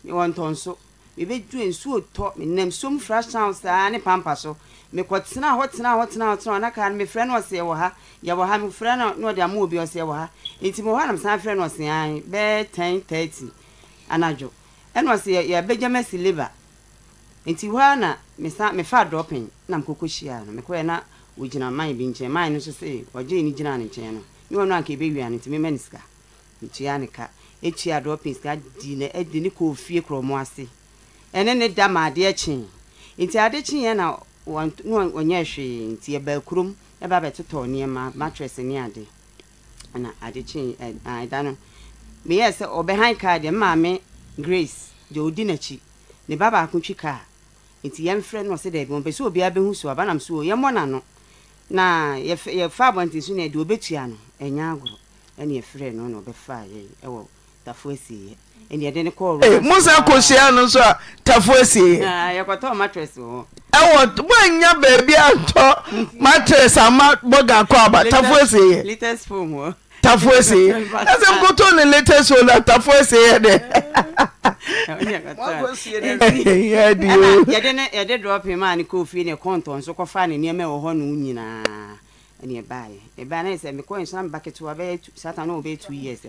mewɔ ntɔnso mebɛduru nsuo tɔ menam suom fresh town saa ne pampa so mekɔtena hɔ tena hɔ tena hɔ tena hɔ na kaa no mefrɛ no ɔsɛ wɔ ha yɛwɔ ha mefrɛ no na ɔde ama obi ɔsɛ wɔ ha nti mewɔ hɔ san frɛ no ɔsɛ bɛɛ ten thirty anadwo ɛna ɔsɛ yɛbɛgya ma si leba nti hɔ a na mesa mefa dɔpen na mekɔkɔ hyia no mekɔɛ na ogyina man bi nkyɛn man no nso sɛ ɔgye ne gyina ne nkyɛn no ne wɔn no anka ebɛwia no nti mema ne sika ntua ne ka etua dɔpen sika di ne ɛdi ne kɔɔ fie korɔmɔ ase ɛne ne da ma adeɛ kyee nti ade kyeeɛ na wɔnyɛ hwee nti yɛbaa kurom yɛba bɛtotɔ nneɛma matress ni ade na ade kyee ɛda no meyɛɛ sɛ ɔbɛhan kaa deɛ maame grace deɛ ɔdi n'akyi ne ba baako twi kaa nti yɛmfrɛ no ɔsɛ daabi ɔmpɛ sɛ obiara bɛhu so aba nam so n'ano na yɛfa abɔnten so ne ɛde ɔbɛtua no ɛnyɛ agorɔ no na ɛwɔ tafo esie ɛni ɛde ne kɔɔ rɔba. musa kò si ano nso a tafo esie. yɛkɔtɔ matress wɔ. ɛwɔ mo anya beebi atɔ matress ama bɔga kɔ aba tafo esie. latest foam. wɔ. tafo esie ɛsɛ nkoto ne latest phone na tafo esie yɛ dɛ. yɛde ne yɛde dɔɔpin maa ne kɔɔ fie ne kɔntɔn so kɔfa ni nneɛma ɛwɔ hɔ no nyinaa ɛne ɛbaayɛ ɛbaayɛ na yɛ sɛ mekɔ nhyira mba ketewa bɛyɛ saa time na wɔbɛyɛ two years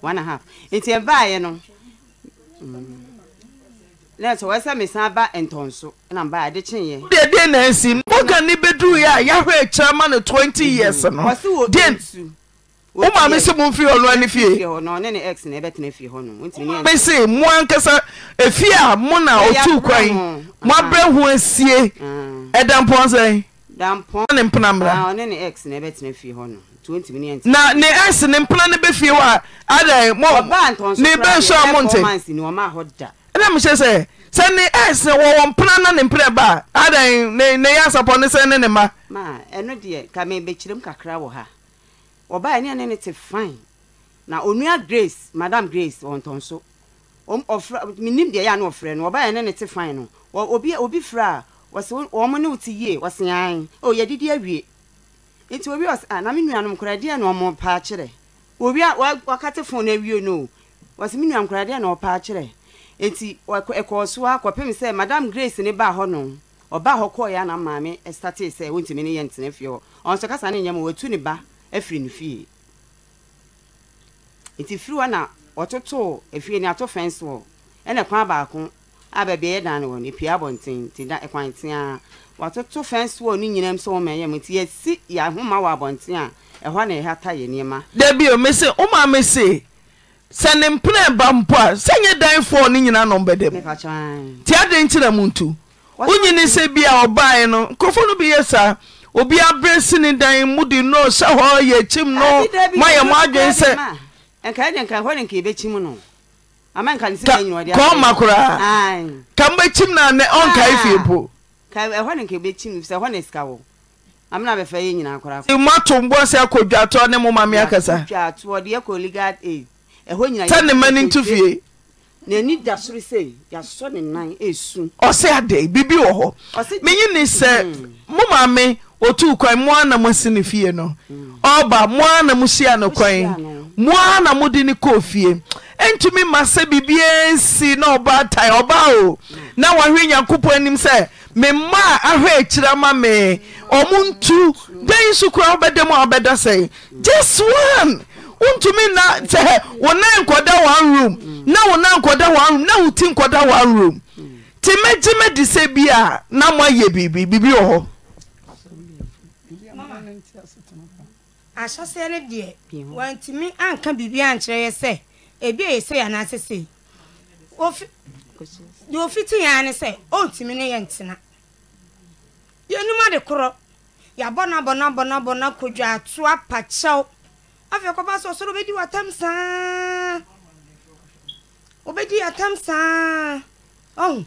one and a half nti ɛbaayɛ no na sɛ wɔyɛ sɛ mesan ba ntɔnso na mba ade kyenyɛ. deɛ deɛ na esi mu bɔga ni beduru yɛ a yahwɛ ekyirɛ ma no twenty mm-hmm. years no deɛ wo maame sɛ momfiri hɔ no ane fie mese mo ankasa efie a mo na otu kwan moabrɛ ho asie ɛda mpɔn dampɔn ne mpena mmra ah, ɔne ne x na ɛbɛtena fie hɔ no tuwontumi ne na ne x ne mpena ne bɛ fie hɔ a adɛ mo ne bɛ nso a mo nte ɛna mo hyɛ sɛ sɛ ne x wɔwɔ mpena na ne mpena ba adɛ ne ne yɛ asapɔ ne sɛ ne ne ma. ma ɛno deɛ kame bɛkyerɛm kakra wɔ ha ɔbaa ɛne ɛne ne te fine. na onua grace madam grace ɔntɔn so ɔfra minim deɛ yɛ a ne ɔfrɛ no ɔbaa ɛne ne te fine. no obi obi fra. wɔsi wɔn ne ti yie wɔsi an o oh, yɛ didi awie nti obi wɔsi a ah, na mi nua no na ɔmo pa akyerɛ obi a wakate fon na awie no wɔsi mi nua nkora deɛ na ɔpa akyerɛ nti ɛkɔɔ so a sɛ madam grace ne baa hɔ no ɔbaa hɔ kɔɔ na maame ɛstate sɛ wɔntumi ne yɛ ntena fie hɔ ɔn kasa ne nyɛm wɔtu ne ba afiri ne fie nti firi hɔ na wɔtotoo efie ne ato fɛn soɔ ɛna kwan baako aba bea yɛdan no wɔ no pia abɔnten nti da ɛkwan ten a wɔatoto fɛnse wɔ no nyinam sɛ wɔma yɛ mu nti yɛsi yɛ ahoma wɔ abɔnten a ɛhɔ na yɛhata yɛ nneɛma da bio mese woma mese sɛ ne mpena ba mpo a sɛ nyɛ danfoɔ no nyina no bɛdam nti adɛn nkyerɛ mu ntu wonyini sɛ bi a ɔbaeɛ no nkurɔfo no bi yɛ saa obi aberɛ si ne dan mudi no sɛ hɔ yɛ kyim no moayɛ mo adwen sɛ kɔma koraa kam bɛkyim na nɛ ɔnkae fie ah. po ɛhɔ ne nka bɛkyim sɛ ɛhɔ ne sika wɔ amena bɛfɛ yɛ nyinaa koraa moato mbɔ sɛ akɔdwatoɔ ne mo mame akasa dwatoɔ deɛ kɔ legal aid ɛhɔ nyinaa sɛ ne ma ne nto fie n'ani da soro sɛ yasɔ ne nan esu ɔsɛ adɛ biribi wɔ hɔ menyi ne sɛ hmm. mo maame otu kwan mo ana mo si ne fie no hmm. ɔba mo ana mo hyia no kwan mua na mode ne kɔɔ fie ntumi ma sɛ biribiaa nsi na ɔba tae ɔba o na wahwɛ nyankopɔn anim sɛ ahwɛ ma me ɔmo ntu dɛn so koraa wobɛda mu a wobɛda sɛe jus one ntumi na sɛ wo na nkɔda one room na nkɔda na nkɔda one room a na biribi biribi wɔ hɔ ahyɛseɛ no deɛ wantumi anka biribi ankyerɛ yɛ sɛ ebi a yɛsɛ yɛ anaasɛ sei deɛ ofiti yɛn ne sɛ ɔntumi ne yɛ ntena yɛnum ade korɔ yɛabɔ no abɔ no abɔ no abɔ no akɔdwa ato apakyɛw afei kɔba sɛ ɔsoro wobɛdi watam saa wobɛdi atam saa ɔhu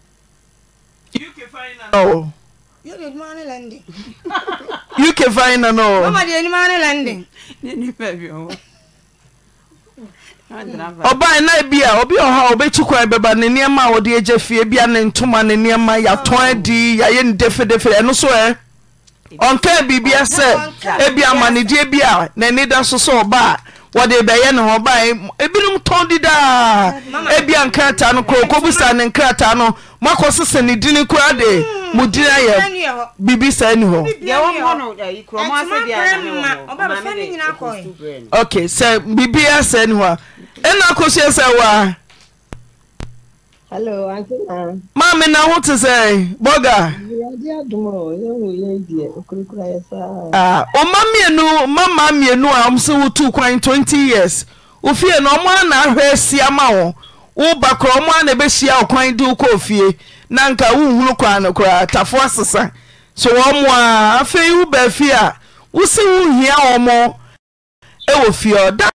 UK final. Oh. UK final landing. UK no. Mama na bi a obi ọha obetu kwan beba ne nneɛma a wɔde agya fie bia ne ntoma ne nneɛma di adi yɛayɛ ne defedefe ɛno so ɛ ɔnkaa biribia sɛ ebi amanedeɛ bi a n'ani da so sɛ ɔbaa wɔde bɛyɛ ne ho ɔbaa ebinom tɔn di daa ebi a nkrataa no kuro kobusa ne nkrataa no moakɔ so sɛ ne dini koraa de hmm. mo dini ayɛ biribi saa ni hɔ ok sɛ biribia saa ni hɔ a ɛna akɔhyia sɛ woa maa me na ho te sɛ bɔga ah, ɔma mmienu mama mmienu a ɔm sɛ wotu kwan 20 years wofie no ɔmo na ahwɛ asia ma wɔ woba kora ɔmo ana ɔkwan fie na nka wonhunu koraa no koraa tafo asesa so wɔmo a afei a wose wohia fie ɔda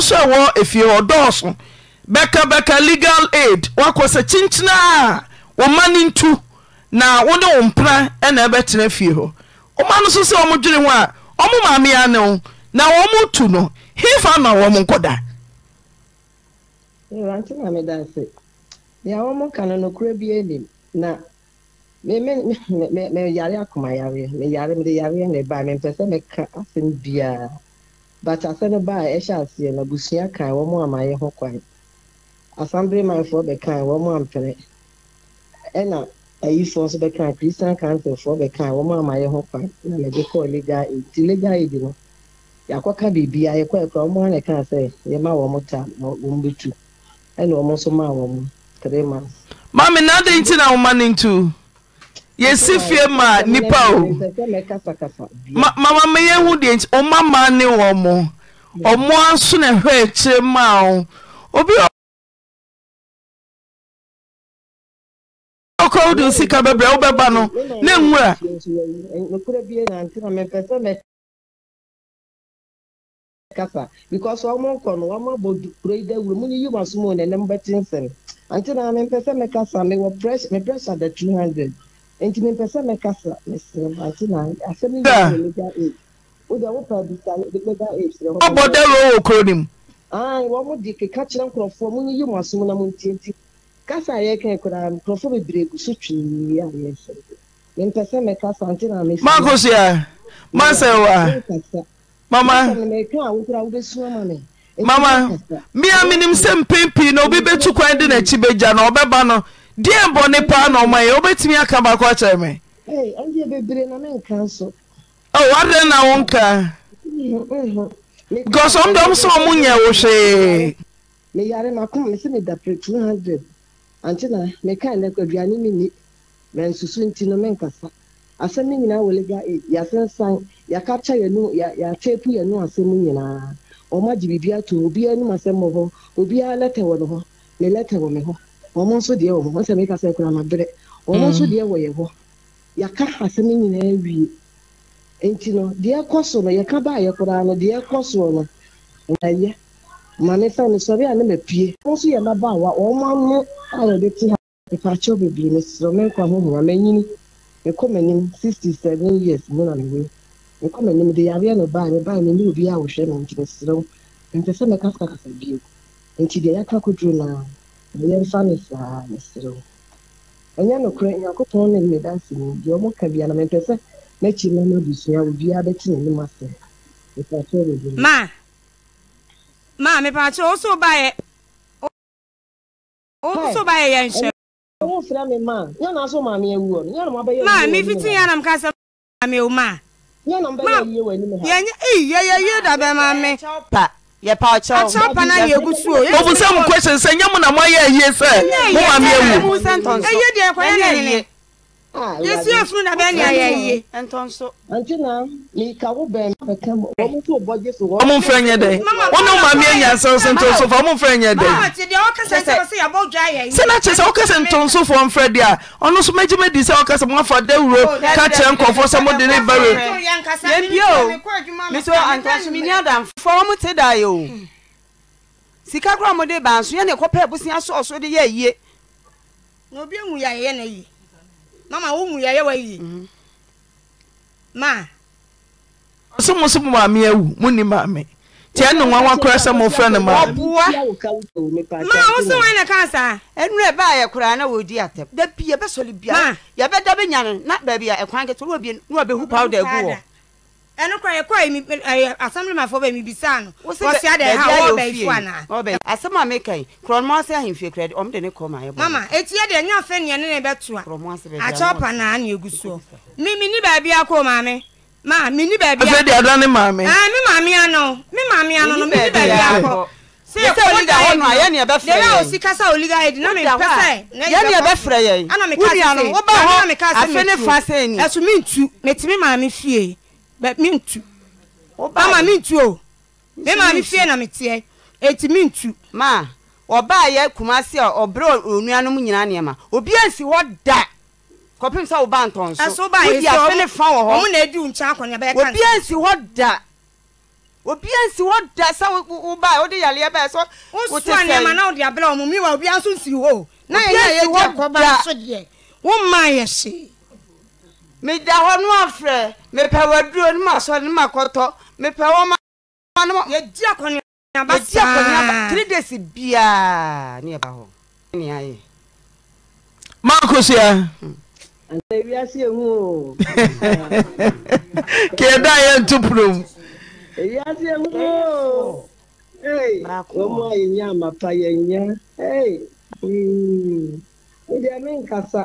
so ɛwɔ ɛfie legal aid a wɔma no ntu na wode wo mpena na ɛbɛtena fie hɔ ɔma no sị sɛ dwere nwa a ɔmo maameaa ne na wɔmo tu no hefa na ọrụ nkɔda nti ma medase ya ọmụ ka no nokora bi elu na meyare yari yareɛ yari mede yareɛ ne baa mempɛ sɛ meka asɛm biaa asị kwan asambere ka ayifoɔ nso bɛka christian councilfoɔ bɛka wɔn a mayɛ ho kwan na mɛde kɔɔ legal aid ti legal aid no yɛakɔka biribi a yɛkɔ yɛkora wɔn ara na ɛka sɛ yɛma wɔn ta na wɔn bɛtu ɛna wɔn nso maa wɔn three months. maame na adi nti na wɔma ne ntu yɛsi fie ma nipa o ma mama meyɛ hu deɛ nti wɔn ama ne wɔn wɔn aso na ɛhwɛ akyire maa o obi. kɔ wode sika bɛbrɛ wobɛba eh, no ne nwura kasa because wɔn nkɔ no wɔn abɔ kuro yi wuro mu ni yi wɔn asom nenem bɛti nsɛm nti na mi mpɛ mi kasa mi wɔ pressure mi pressure the two hundred nti mi mpɛ mi kasa mi sɛm nti na asɛm yi yɛ mi da eight o de wɔn pɛ bisa mi da eight sɛ wɔn. ɔbɔ dɛ wɔ wɔ kuro nim. wɔn di keka kyerɛ nkurɔfoɔ mu ni yi wɔn asom na mu ntiɛnti. kasa yɛ kɛn koraa nkurɔfoɔ bebree gu so twii ya yɛ sɛ mpɛ sɛ mɛka sa nti na mɛsi. maako si a masɛ wa mama mama mmea menim sɛ mpempii na obi bɛtu kwan de n'akyi bɛgya na ɔbɛba no deɛ bɔ ne paa na ɔma yɛ wobɛtumi aka baako akyerɛ me. ɔ wadɛn na wo nka mm-hmm. because ɔm dɔm sɛ ɔmo nyɛ wo meyare makoma me sɛ meda pre two hundred anti na meka ne kwa aduane mi ni na nsusu nti no menkasa asɛm e, no nyinaa wɔ legal aid yɛasensan yɛakapkya yɛnu yɛatepu yɛnu asɛm nyinaa ɔmo agye biribi ato obiara anim asɛm wɔ hɔ obiara lɛtɛ wɔ ne hɔ ne lɛtɛ wɔ me hɔ ɔmo nso deɛ wɔ hɔ wɔn sɛ meka sɛ kura mabrɛ ɔmo nso mm. deɛ wɔ yɛ hɔ yɛaka asɛm nyinaa wie nti no deɛ ɛkɔ so no yɛka baa yɛ koraa no deɛ ɛkɔ soɔ no ɛyɛ ma ne fɛn no sɛ ɔbɛyɛ a ne ma pie mo nso yɛ mmabaawa wɔn ano a yɛde te ha mpakyɛw bebree ne srɛ me nkɔ ahohora m'anyini mekɔ m'anim sixty seven years mu na mewei mekɔ m'anim de yareɛ no baa me baa menim obi a wohwɛ me nti mesrɛ wo mpɛ sɛ mɛkasakasa bio nti deɛ yɛaka koduro naa yɛmfa ne saa mesrɛ wo ɛnyɛ nokorɛ nyankopɔn ne me danse mu deɛ ɔmɔka bia na mempɛ sɛ n'akyi mɛma busua obiaa bɛte n'anim asɛ mpakyɛw bebree maame paakye o so ba yɛ o so ba yɛ yɛn hyɛ. owó fira mi ma yẹn na so maame ewu ọ yẹn na mo abẹyẹ. maa mi fiti yẹn na mo kasa maame o ma. yẹn na mo bẹ yẹ yie wọ ẹni mi ha. yẹn yẹ yẹ yẹ yie dabẹ mi. pa yẹ pa ọkyẹ o. ọkyẹ pa na yẹ egu su o. mo bu sẹ́mu question sẹ́ nyẹ́mu na mo ayẹ ẹ̀yẹ sẹ́ mo maame ewu. ẹ̀yẹ diẹ kọ́ yẹn na ẹ̀yẹ. Ah, yɛsi afunu na bɛɛ oh, ni ayɛ yie ɛntɔn so. nti na mika wo bɛn na bɛka mu wɔn tó bɔ jesu wɔn. wɔn fɛn yɛ dɛ wɔn n'o maa mi yɛ nyansa ɔsɛ ntɔnsofo wɔn fɛn yɛ dɛ. mama ti di ɔkasa nsɛm sɛ yabɔ ɔdwa yɛ yi. sɛnɛ kyerɛ sɛ ɔkasa ntɔnsofo wɔn fɛ di a ɔno so mɛgyima di sɛ ɔkasa wɔn afa dɛwuro kakyɛ nkɔfo sɛ mo de ne bɛrɛ. yɛ bi o miso antɔnso mi ni mama wo mu yɛyɛ wayi ma. ɔsɛ mo so mo maame awu mo ni maame tiɛ no nwanwa koraa sɛ mofrɛ no maame. ɔboa ma wo so wɔn na ka saa. nnura ɛbaa yɛ koraa na wɔdi atɛm da bi yɛbɛsɔre bia yɛbɛda bɛnya no na baabi a ɛkwan kɛtɛ wɔn bie na wɔbɛhu powder agu wɔ ɛno kora yɛkɔ asɛmblemafoɔ bɛ mebisa no wɔsia dɛ ha wɔbɛfo anaa asɛm a meka yi kurɔnomu ase ahemfie kra ɔm de ne kɔ ma yɛbɔ mama ɛtia deɛ nya fɛ neɛ ne ne bɛtoa akyɛw pa naa ne ɛgu mi me menni baabi akɔ maame ma menni baabi afɛ deɛ ada ne maame ah, me maame ano me maame ano no menni baabi akɔ yɛneɛbɛfrɛ yɛnwonuano wobɛ hɔ afe ne fa sɛ ni ɛso mentu metumi maame fie bɛ mi ntu ama mi ntu o mi maa mi fie na mi teɛ eti mi ntu. maa ɔbaa yɛ kumasi a ɔbrɛ onuanom nyinaa nneɛma obi ansi hɔ da kɔpem sɛ woba ntɔn so wodi afene fa wɔ hɔ obi ansi hɔ da obi ansi hɔ da sɛ woba wode yaleɛ bɛɛ so wote sɛ obi ansi hɔ da womaa yɛ hyee meda hɔ no afrɛ mepɛ waduro no masɔre no makɔtɔ mepɛ wɔ yɛdi akɔneaba saa three days biaa ne yɛba hɔ neayɛ maakosua wiase ɛhu o kɛda yɛnto ponom wiase ɛhu o wɔmu a yɛnya amapa yɛnya ei hmm. deɛ menkasa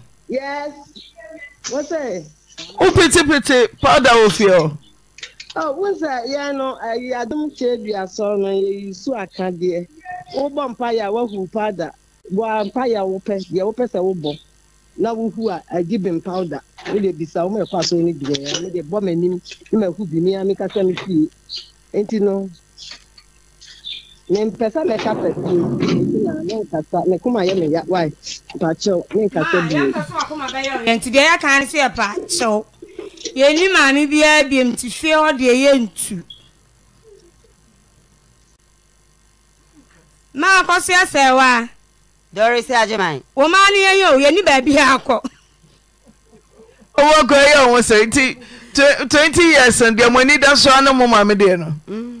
Yes. What's it? Who pretty pretty powder of you? Oh, what's that? Yeah, no, I, I don't care if you are sorry, so I can't dear. Oh, vampire, what who powder? Vampire, what pet, the opus, I will bomb. Now, who are I give him powder? We did be some of us only there. I made a bomb and him, him who be me, I make a semi fee. Ain't you know? mempɛ sɛ mɛka pɛpie ntina menkasa me koma yɛ meya wae pakyɛw menkasa bionti deɛ yɛka ne sɛ yɛpa kyɛw yɛni maame biara biam nti fie hɔ deɛ yɛ ntu maa kɔ ɛsɛ wa a dɔre sɛ agye man wo maa no yɛyɛ o yɛni baabi akɔ ɔwɔ kɔ ɛyɛ ɔwo sɛ nti twenty years deɛ mo ani da soa no mo maame deɛ no mm.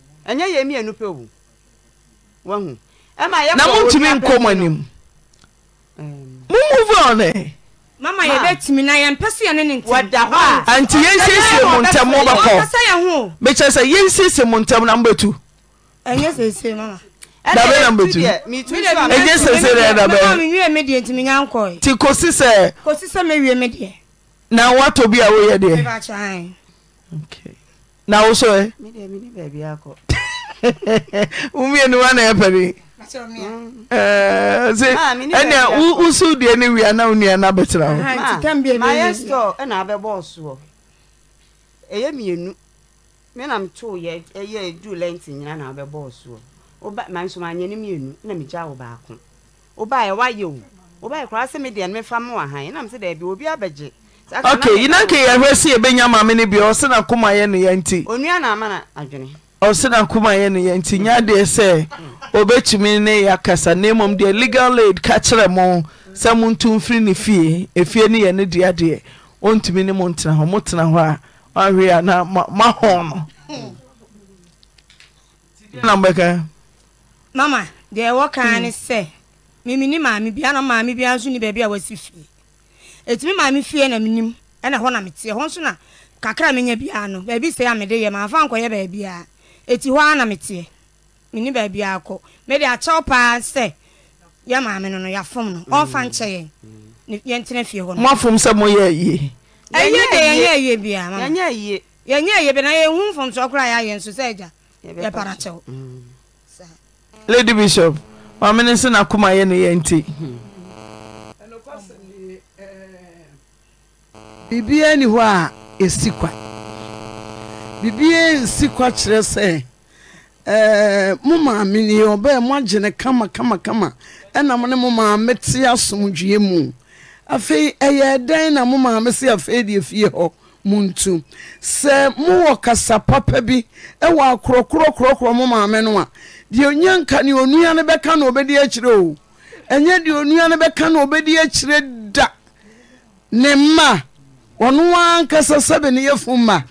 na montumi nkɔ m anim mommu vra ɔnentiyɛsesie mo ntɛm mo bɛkɔ bɛkyerɛ sɛ yɛmsiesie mo ntɛm na mbɛtu da namb yɛ sɛesee dɛdabɛti kosi sɛ nawo atɔ bia woyɛ deɛ na wo sọ ẹ. Eh? mi dẹ mi ni bẹẹbi akọ. wumienu wa na ẹpẹ bi. ɛɛ eh, ah, ɛnna wusu deɛ ne wia na wunua na abɛtena ho. maa yɛ sɔ ɛna abɛbɔ soɔ ɛyɛ mienu mi na mi to yɛ ɛyɛ edu lɛnti nyina na abɛbɔ soɔ ɔba maa nso maa nyɛ ne mienu ɛna mi gya wɔ baako ɔba yɛ wayɛ o ɔba yɛ koraa sɛ mi deɛ ne mi fa mu wɔ han ɛna mi sɛ dɛbi obi abɛgye. okay ok yina nke yɛhwɛ sɛ yɛbɛnya maame no bia ɔse na koma yɛ no yɛ nti ɔse na ama na koma yɛ no yɛ nti nya deɛ sɛ mm. ɔbɛtumi ne yɛ akasa na mmom deɛ legal aid ka kyerɛ mo sɛ monto mfiri ne fie ɛfie no yɛ ne deadeɛ ɔntumi ne mo ntena hɔ motena hɔ a ahwe a na mahɔ hmm. no mama deɛ ɛwɔ kaa ne hmm. sɛ memeni maame bia na maame bia nso ni baabi a wasi fie ɛtumi maame me fie na menim ɛna hɔ na meteɛ hɔ nso na kakra menya biaa no baabi sɛ a mede yɛ maafa nkɔyɛ baabiaa ɛti hɔ a na meteɛ menni baabiaa kɔ mede akyɛw paa sɛ yɛ maame no no yɛafom no ɔmfa mm. nkyɛ yɛn yɛntena fie hɔ moafom sɛ moyɛ ayie ɛyɛ de yɛnyɛ ayie biaa yɛnyɛ ayie bi na yɛhu mfomsoɔ koraa yɛayɛ nso sɛ agya yɛpara mm. lady bishop maamene se na koma yɛ no yɛ nti mhm. biribiara ni hɔ a ɛsi kwa biribiara nsi kwa kyerɛ sɛ ɛɛ mo maame ni ɔbɛɛ mo agye kama kama kama ɛna mo ne mo maame te asomdwie mu afei ɛyɛ ɛdɛn na mo maame si afei deɛ fie hɔ mo ntu sɛ mowɔ kasa papa bi ɛwɔ akorɔkorɔkorɔkorɔ mo maame no a deɛ onya nka ne onua no bɛka na obɛdi akyire o ɛnyɛ deɛ onua no bɛka na obɛdi akyire da ne mma wɔn ankasa sɛbi ne yɛ fun ma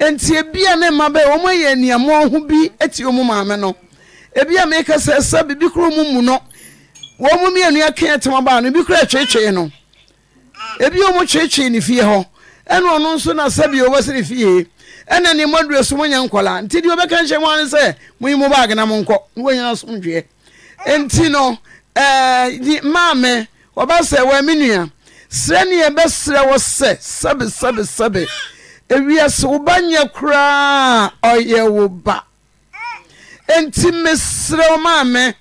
nti ebi a ne mma bɛyɛ wɔn ayɛ nneɛma ho bi eti wɔn maame no ebia a kasa sɛ sɛ bibi kuro mu mu no wɔn mu mmienu aka ɛtɛm abaa no ebi kura twetwe no ebi a wɔn twetwe ne fie hɔ ɛna ɔno nso na sɛbi a wɔbɛsi ne fie ɛna ne mma duro so wɔnyɛ nkɔla nti deɛ wɔbɛka nhyɛn mu ano sɛ mo yi mo baage na mo nkɔ ne wɔnyɛ asomdwe nti no ɛɛ maame wɔbɛsɛ wɔn mi nua serɛ ne yɛbɛserɛ wɔ sɛ sɛbe sɛbe sɛbe ewiase wo ba nyɛ koraa ɔyɛ wo ba enti meserɛ wo maame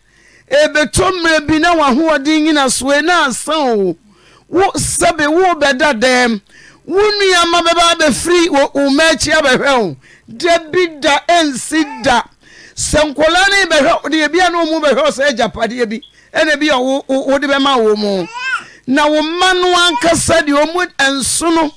ebetɔ mmerɛ bi na wahoɔden nyina soe na asan o wo sɛbe wo bɛda dɛm wo nua ma bɛba abɛfiri wɔ wo ma akyi abɛhwɛ wo da bi da ɛnsi da sɛ nkɔlaa ne bɛhwɛ deɛ bi a na ɔmu bɛhwɛ sɛ agyapadeɛ bi ɛna bi a wode bɛma wɔ mu na wo mma no ankasa deɛ ɔmu nso no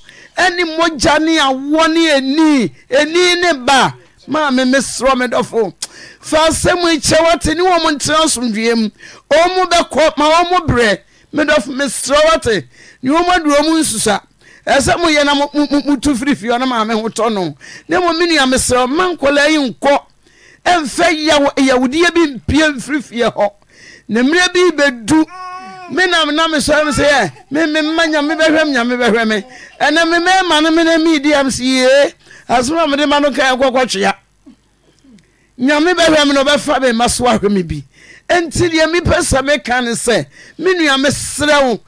ɛne mogya ne awoɔ ne ani ani ne ba maame mesorɔ me dɔfo fa asɛm yi kyɛ wate ne wɔn ntena asomdue mu ɔmu bɛkɔ ma ɔmu brɛ me dɔfo mesorɔ wate ne wɔn adu ɔmu nsusa ɛsɛ mo na mo mo mo tu firifiri ɔno maame ho tɔ no ne mo minua mesorɔ mma nkɔla yi nkɔ ɛnfɛ yawo bi mpie mfirifie hɔ ne mmerɛ bi bɛdu. menam na mesomesɛ mea yame bhem yam bme n mm manem meedmpsem kans menuame serɛo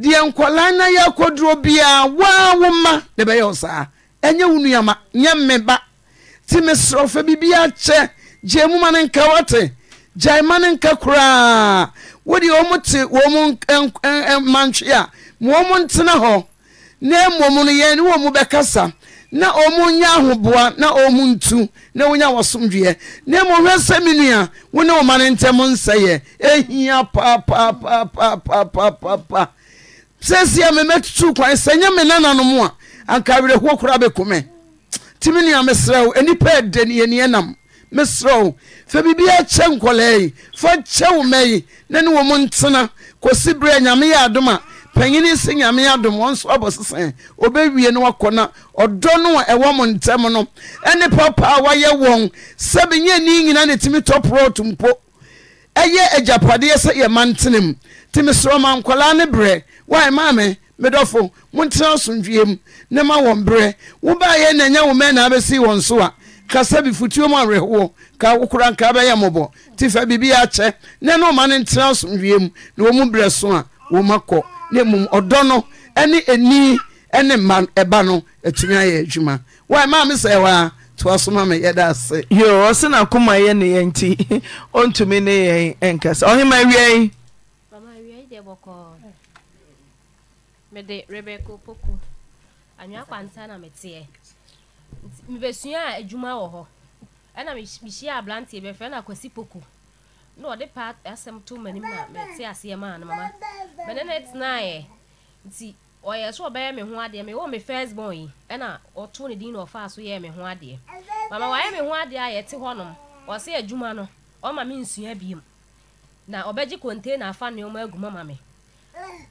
nko na yakodobia womamesr fa bibkye ymumane kawte yamane nka koraa wode ɔ mu te ɔ m mantwe a moo mu ntena hɔ na mmomu no yɛne wɔmu bɛkasa na ɔ mu nya ahoboa na ɔ mu ntu na wonya wɔsomduɛ na mɛ sɛ me nua wone woma nentɛm nsɛyɛ hia p sesi a memmɛtutoo kwan sɛ nyɛ me nana no moa ankawerɛhoɔ kora bɛkum ntimnuamesrɛ o anipa dnnam mesrɛ wo fa biribia kyɛ nkɔlaa yi fa kyɛ wo ma yi na ne wɔ mu ntena kɔsi berɛ nyame yɛ adom a panyini si nyame adom wɔn nso abɔ sisan obewie no wakɔ na ɔdɔ no a ɛwɔ mo ntɛm no ɛne papa a wayɛ wɔn sɛbi nye ni nyinaa na timi tɔ prɔt mpo ɛyɛ agyapadeɛ sɛ yɛ mantenam timi sɔrɔ ma nkɔlaa ne brɛ wɔn maame medɔfo mo ntena asomdwie mu ne ma wɔn brɛ wo na nya wɔn mɛn na abɛsi wɔn so a. kasa bi fotuo mu awerɛhoɔ ka wo kora nka bɛyɛ mmɔbɔ nti fa biribi akyɛ ne ne ɔma no ntena mu na wɔ mu berɛ so a wɔma kɔ na mmom ɔdɔ no ne ani ne mma ɛba no atumi ayɛ adwuma wae maa me sɛ wɔ a me yɛda ase yo ɔse na koma yɛ ne yɛ nti ɔntumi ne yɛn ɛnkasa ɔhema wiai mede rebeka opoku kwanta na meteɛ mbɛsua adwuma wɔ hɔ ɛna mehyia aberanteɛ bɛfrɛ no akwasi poko na ɔde pa asɛm to m'anim na mɛte aseɛ maa no mama mɛne ne tenaeɛ nti ɔyɛ sɛ ɔbɛyɛ me ho adeɛ mewɔ me first born yi ɛna ɔto ne din na ɔfaa so yɛ me ho adeɛ mama wayɛ me ho adeɛ a yɛte hɔnom ɔse adwuma no ɔma me nsua biom na ɔbɛgye container afa nneɛma agu mama me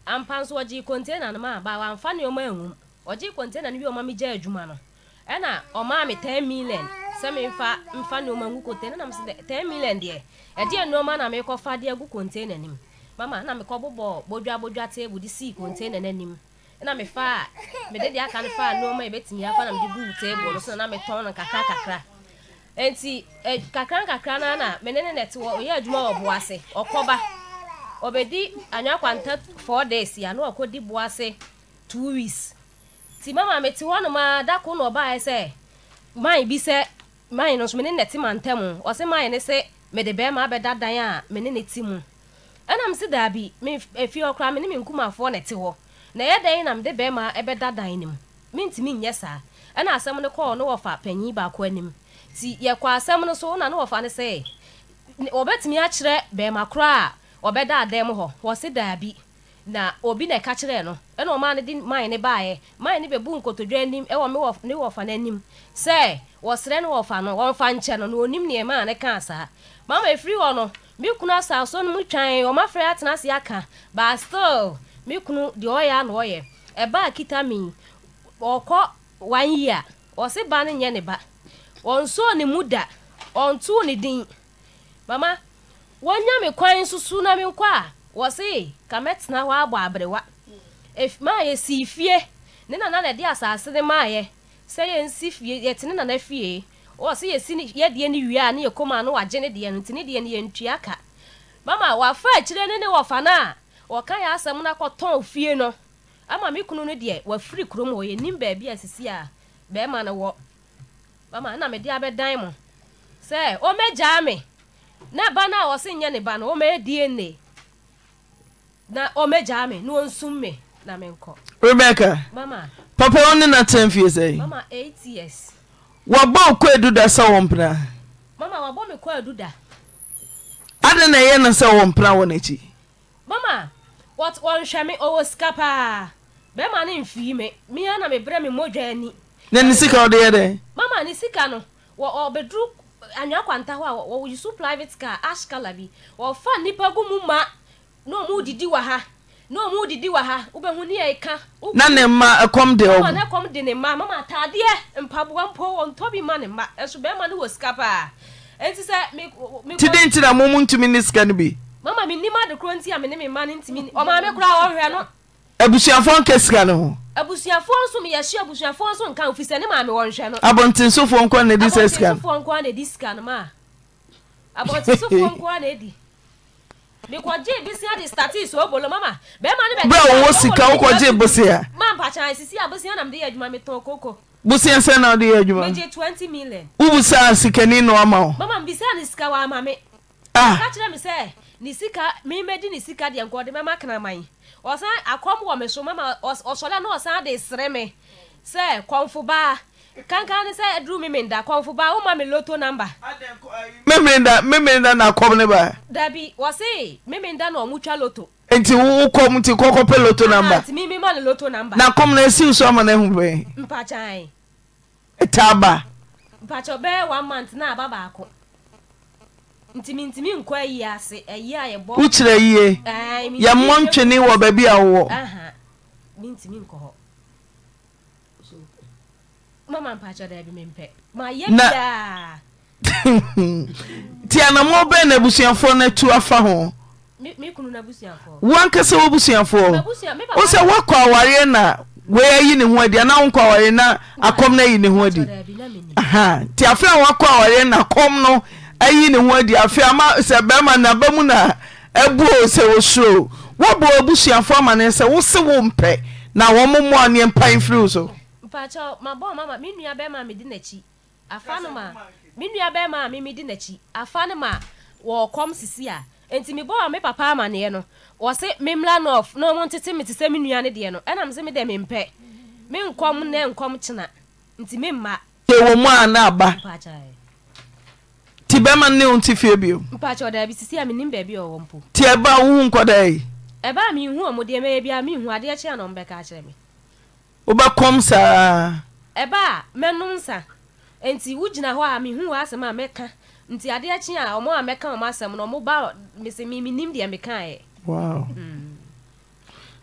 ampa nso ɔgye container no ma aba wamfa nneɔma anwum ɔgye container no bi ɔma megya adwuma no ena omami 10 million sami nfa mfa ngu na million e na me kofa de gu container nim mama na me kobobo bodwa bodwa table di sii na na fa me de aka ne fa noma e betimi afa na me gu no so na me ton na kakra kakra enti e kakra kakra na na ne ne adwuma boase 4 days ya boase 2 weeks ti mama mi ti hɔnom a dako na ɔbaeɛ sɛ man bi sɛ man no nso me ne nɛte ma ntɛm ɔsɛ man ne se mede bɛrima abɛda dan a me ne ne ti mu ɛnam se daabi me efie hɔ koraa me ne me nkumafoɔ na ɛte hɔ na ɛyɛ dan na mede bɛrima ɛbɛda dan ne mu mentumi nyɛ saa ɛna asɛm no kɔɔ no wɔfa panyin baako anim ti yɛkɔ asɛm no so na no wɔfa ne sɛ wɔbɛtumi akyerɛ bɛrima koraa a ɔbɛda adan mu hɔ wɔse daabi na obi na ɛka kyerɛɛ no ɛna ɔmaa no de man ne yɛ maa ne bɛbu nkotodwa anim ɛwɔ ne wɔfa no anim sɛ wɔsrɛ ne wɔfa no wɔmfa nkyɛn no na ɔnim neɛ maa ne kaa saa mama efiri hɔ no me kunu asaaso no mu twan ɔmafrɛ atena ase aka but still me kunu deɛ ɔyɛ a ɔyɛ ɛbaa kita mi. ɔkɔ one year ɔse ba no nyɛ ne ba ɔnsoo ne mu da ɔntoo ne din mama wɔnya kwan nso so na menkɔ a wɔse kame tena hɔ abɔ aberewa maayɛ si fie ne nana na ɛde asaase ne maayɛ sɛ yɛnsi fie yɛte ne nana fie wɔ sɛ yɛsi yɛdeɛ ne wie a ne yɛ kɔma no wagye ne deɛ no nti ne deɛ no yɛntua ka mama wafa akyire ne ne wɔfa no a wɔka yɛ asɛm no akɔtɔn fie no ama me kunu no deɛ wafiri kurom hɔ yɛnim baabi a sisi a bɛrima no wɔ mama na mede abɛdan mo sɛ ɔmɛgyaa me na ba no a wɔse nyɛ ne ba no ɔmɛdie nne na ɔmɛgyaa me na ɔnsum me na menkɔ rebecca mama papa wo ne na ten fie sɛ mama eight years wɔbɔ wo kɔ adu da sɛ wɔ mama wɔbɔ me kɔ adu da ade na ɛyɛ no sɛ wɔ mpena wɔ n'akyi mama wɔnhwɛ me ɔwɔ sika paa bɛrima ne mfii mi mea na mebrɛ me mmɔdwa ani na ne sika ɔde yɛ dɛn mama ne sika no ɔbɛduru anwea kwanta hɔ a wɔyi so private car ash color bi wɔfa nnipa gu mu ma na ne mma ɔkɔm de ɔtede nti nɛ momu ntumi ne sika no bi abusuafoɔ nka sika no homɔɛ no abɔtensofoɔ nkɔ anadi sɛ sika noɔ mekɔgye bi sia de stati so obolo oh, mama bɛrima no bɛberɛ a wɔwɔ sika wokɔgye bosea mampakyan sisi a bosea nam de yɛ adwuma metɔn koko bosea sɛ na wode yɛ adwuma megye twenty million wobusaa sikani na wama wo mama mbisaa ne sika wa ah. me ka kyerɛ me sɛ ne sika memɛdi ne sika deɛ nkɔde mɛma knaman ɔsan akɔm wɔ me so mama ɔsɔre a na ɔsan de sere me sɛ kɔmfo kankan sɛ duru miminda kɔnfo ba loto namba memenda memenda na kɔm ne ba dabi wɔse na twa loto nti wokɔm nti kɔkɔpɛ loto namba loto namba na kɔm na asiw so ama na ahu bɛn mpakyae ɛtaa ba bɛɛ one month na aba baako ntimi nkɔ ayi ase ayi e a yɛbɔ wokyerɛ yie yɛmmɔ ntwene wɔ baabi a nti anamɔbɛ no abusuafoɔ no atu afa howoankasɛ wobusuafoɔwosɛ woakɔ a nawi ayi ne ho adianawoɔ are no akɔm no ayi ne ho adintiafɛ a woaɔ ware no akɔm no ayi ne ho adi afei masɛ baima naba mu na abuo sɛ wɔsuro wobɔ abusuafoɔ amane sɛ wose wo mpɛ na wɔ momoa neɛ mpa fri so mpakyɛw mabɔ mama me nua bɛrima medi n'akyi afa no ma me nua bɛrima a meme di n'akyi afa no ma wɔɔkɔm sisi a nti mebɔ a me papa amanneɛ no wɔse memmra nɔf na ɔmo ntete me te sɛ me nua no deɛ no ɛnam sɛ mi mempɛ mi nkɔm na nkɔm kyena nti mma. ɛwɔ mu a na aba nti bɛrima ne wo nte fie bio mpakyɛw daabi sisi a menim baabi a ɔwɔ mpo nti ɛba wohu nkɔdaa yi ɛbaa mehu ɔmo deɛ a biaa mehu adeɛ kyea na ɔmbɛka akyerɛ me wobɛkɔm saa a, mɛnom nsa nti wogyina hɔ a mehu wɔ asɛm a mɛka nti adeɛ kye a ɔmo a mɛka ɔmo asɛm no ɔmoba mesɛ memenim deɛ mekaeɛ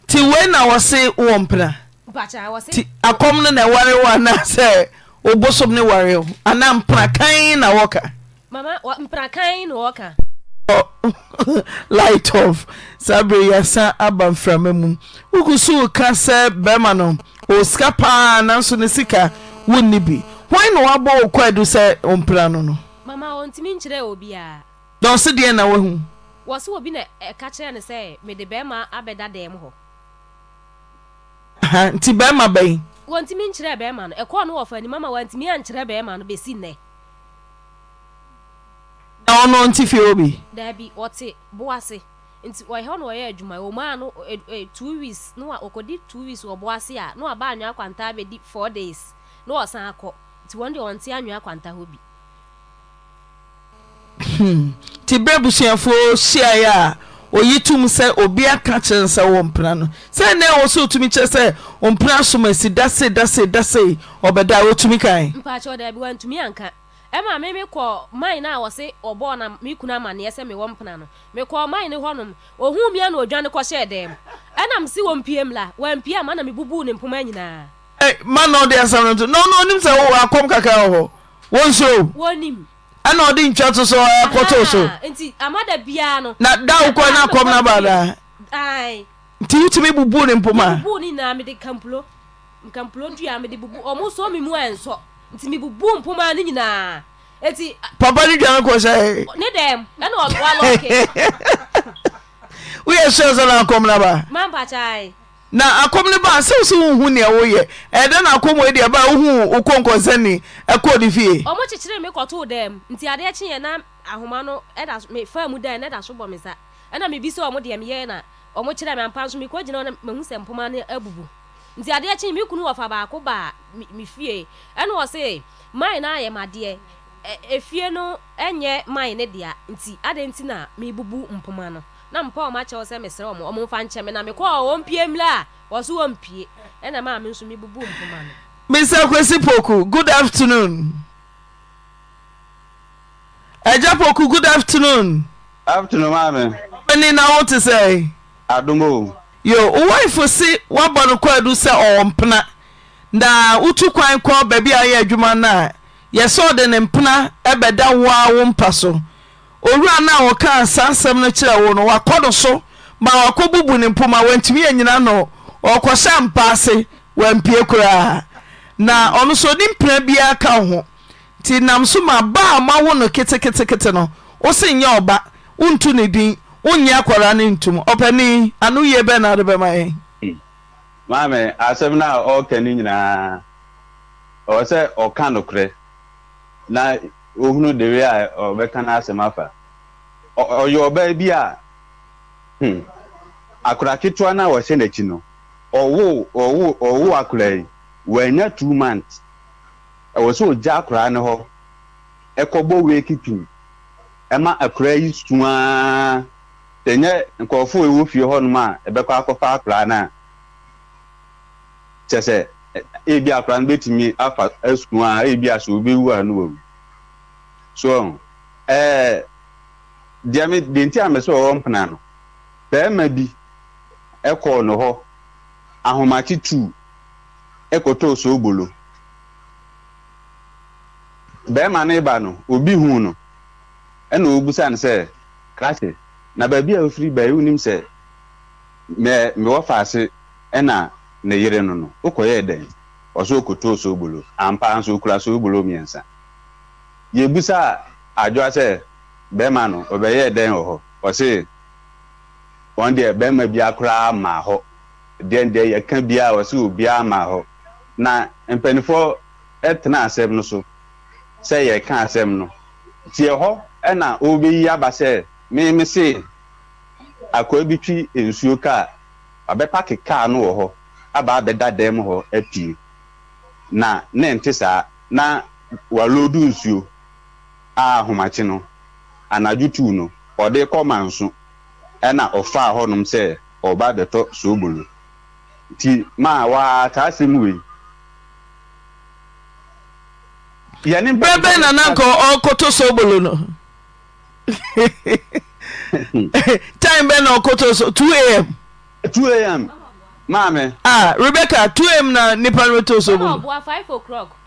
nti hmm. wei na wɔse wɔ mpena akɔm no na ɛware wo anaasɛ wobosom ne ware wo anaa mpena kan na wɔka mama mpena kan na wɔka light off saa bere yɛsa aba mframa mu wogu so wo ka sɛ bɛrima no o paa nanso ne sika wonni bi wɔn na wabɔ okɔ adu sɛ ɔmpira no no. mama ɔntumi nkyerɛ obi a. dɔnso deɛ na wahu. wɔsi obi na ɛka kyerɛ ne sɛ mede bɛrima abɛda dɛm hɔ. ha nti bɛrima bɛyi. wɔntumi nkyerɛ bɛrima no ɛkɔɔ no wɔ fani mama wɔntumi ankyerɛ bɛrima no bɛsi nnɛ. na ɔno nti fie obi. daabi ɔte boase nti wɔyɛ hɔ na wɔyɛ adwuma wɔn a no ɛ ɛ two weeks no a wɔkɔdi two weeks wɔ bɔ ase a no a ba anwea kwanta abɛdi four days na wɔsan akɔ nti wɔn deɛ wɔn ti anwea kwanta hɔ bi. Hmm. ti bere busuafoɔ hyiaeɛ a oyi tum sɛ obi aka kyerɛ sɛ wɔ mpena no sɛ nɛ wɔ so otumi kyerɛ sɛ ɔmpena asomasi dase dase dase ɔbɛda a wotumi kan. mpakyɛw dɛbi wɔntumi anka. ɛma me mekɔ mine no a wɔse ɔbɔɔ na meku eh, no sɛ mewɔ mpena no no hɔnom ɔhu mia na ɔdwane kɔhyɛɛ dɛm la wampie na mebubuu ne mpoma nyinaa ma na ɔde asɛm no nto na ɔno ɔnim sɛ akɔm kakra wɔ hɔ wɔnim ɛna ɔde ntwa to so eh, so nti amada biara no na da wokɔ no akɔm no baadaa nti wotumi bubuu ne mpoma bubuu ne nyinaa mede kampulo nkampulo dua mede bubu ɔmo so nti mebubu mpoma ne nyinaa eti. papa ni dwan kɔ sɛ. ne dɛm ɛna ɔwa lɔɔke. woyɛ sɛ sɛ na akɔm naba. mampa kyae. na akɔm ne ba asɛw sɛ wohu nea woyɛ ɛdɛ na akɔm wɔ aduaba a wohu wo kɔnkɔnsɛne ɛkɔɔ ne fie. ɔmo kyekyere mi kɔtoo dɛm nti adeɛ kyeɛ na ahoma no ɛda me faa mu dɛm ɛda so bɔ me sa ɛna mebi sɛ ɔmo deɛ meyɛ na ɔmo kyerɛ me ampa nso mekɔ gyina hɔ na mahu sɛ mpoma no abubu. nti adeɛ kyi mi kunu wɔfa baako ba mi fie ɛna ɔse mayi na ayɛ madeɛ efie no ɛnyɛ mayi ne dea nti adeɛ nti na mi bubu mpoma no na mpa ɔmo akyɛw sɛ mesrɛ ɔmo ɔmo nfa nkyɛn mi na mekɔ ɔmo mpie mla a wɔso wɔn mpie ɛna maa mi nso mi bubu mpoma no. mr kwesi poku good afternoon. ɛgya poku good afternoon. afternoon maame. wọ́n ní na wọ́n ti sẹ́yìn. adumo. yo wifo se woabɔ no kwaadu sɛ ɔwɔ mpena na wotu kwan kɔ baabi a ɔyɛ adwuma no a yɛsɛ ɔde ne mpena bɛda wo a wo mpa so owura no a wɔkaa saa nsɛm no kyerɛ wo no wakɔ no so ma wakɔ bubu ne mpo ma wantumi yɛ nyina no ɔkɔhyɛ mpa ase wampie koraa na ɔno so ne mpena biara ka wo ho nti nam so ma a mawo no ketekete no wo se nyɛ ɔba wontu ne din wonnyɛ akwara ne ntom ɔpani ano yie bɛ na ade bɛma yɛn e. hmm. maame asɛm no a ɔreka no nyinaa ɔwɔ sɛ ɔka nokorɛ na ohunu dewe a ɔbɛka no asɛm afa ɔyɛ ɔbaa bi a hmm, akwara ketewa no a wɔhyɛ n'akyi no ɔwo ɔwo ɔwo akwara yi wɔanya two months ɛwɔ e, sɛ ɔgya akwara no hɔ e, ɛkɔbɔ wee kipin ɛma akwara yi suaa tenye nkurɔfo ewu fie hɔnom a ɛbɛkɔ akɔfa akwaraa na a kyɛ sɛ e, ebi akwaraa no betumi afa asukun a ebi asɛ obi wu a no wɔ mu so ɛɛ deɛ mi deɛ nti a mɛ ɔwɔ mpena no bɛrima bi ɛkɔɔ no hɔ ahomakye tu ɛkɔtɔɔ so ogbolo bɛrima no ba no obi hu no ɛna obusa no sɛ krakye. na baabi a ofiri baayi wonim sɛ mɛ mewɔ faase ɛna ne yere no no wokɔyɛ dɛn ɔso okotoo soobolo ampa nso okura soobolo mmiɛnsa yɛbisa adwa sɛ bɛrima no ɔbɛyɛ dɛn wɔ hɔ ɔse wɔn deɛ bɛrima bia koraa maa hɔ deɛ deɛ yɛka bia ɔse obia maa hɔ na mpanimfoɔ ɛtena asɛm no so sɛ yɛka asɛm no tie hɔ ɛna ɔbɛyi aba sɛ mmemme sị akwa bi twi nsuo kaa abɛpaki kaa no wɔ hɔ aba abɛda dan mu hɔ apue na ne nte saa na waloodu nsuo a ahomakye no anadwo tuu no ɔde kɔma nso ɛna ɔfaa hɔnom sɛ ɔba abɛtɔ soobolo nti maa waa saa asɛm wei yɛne bɛbɛ nanankɔ ɔkɔtɔ soobolo no time bɛ na ɔkoto so 2am 2am maame ah rebecca 2am na nipa no to so bolo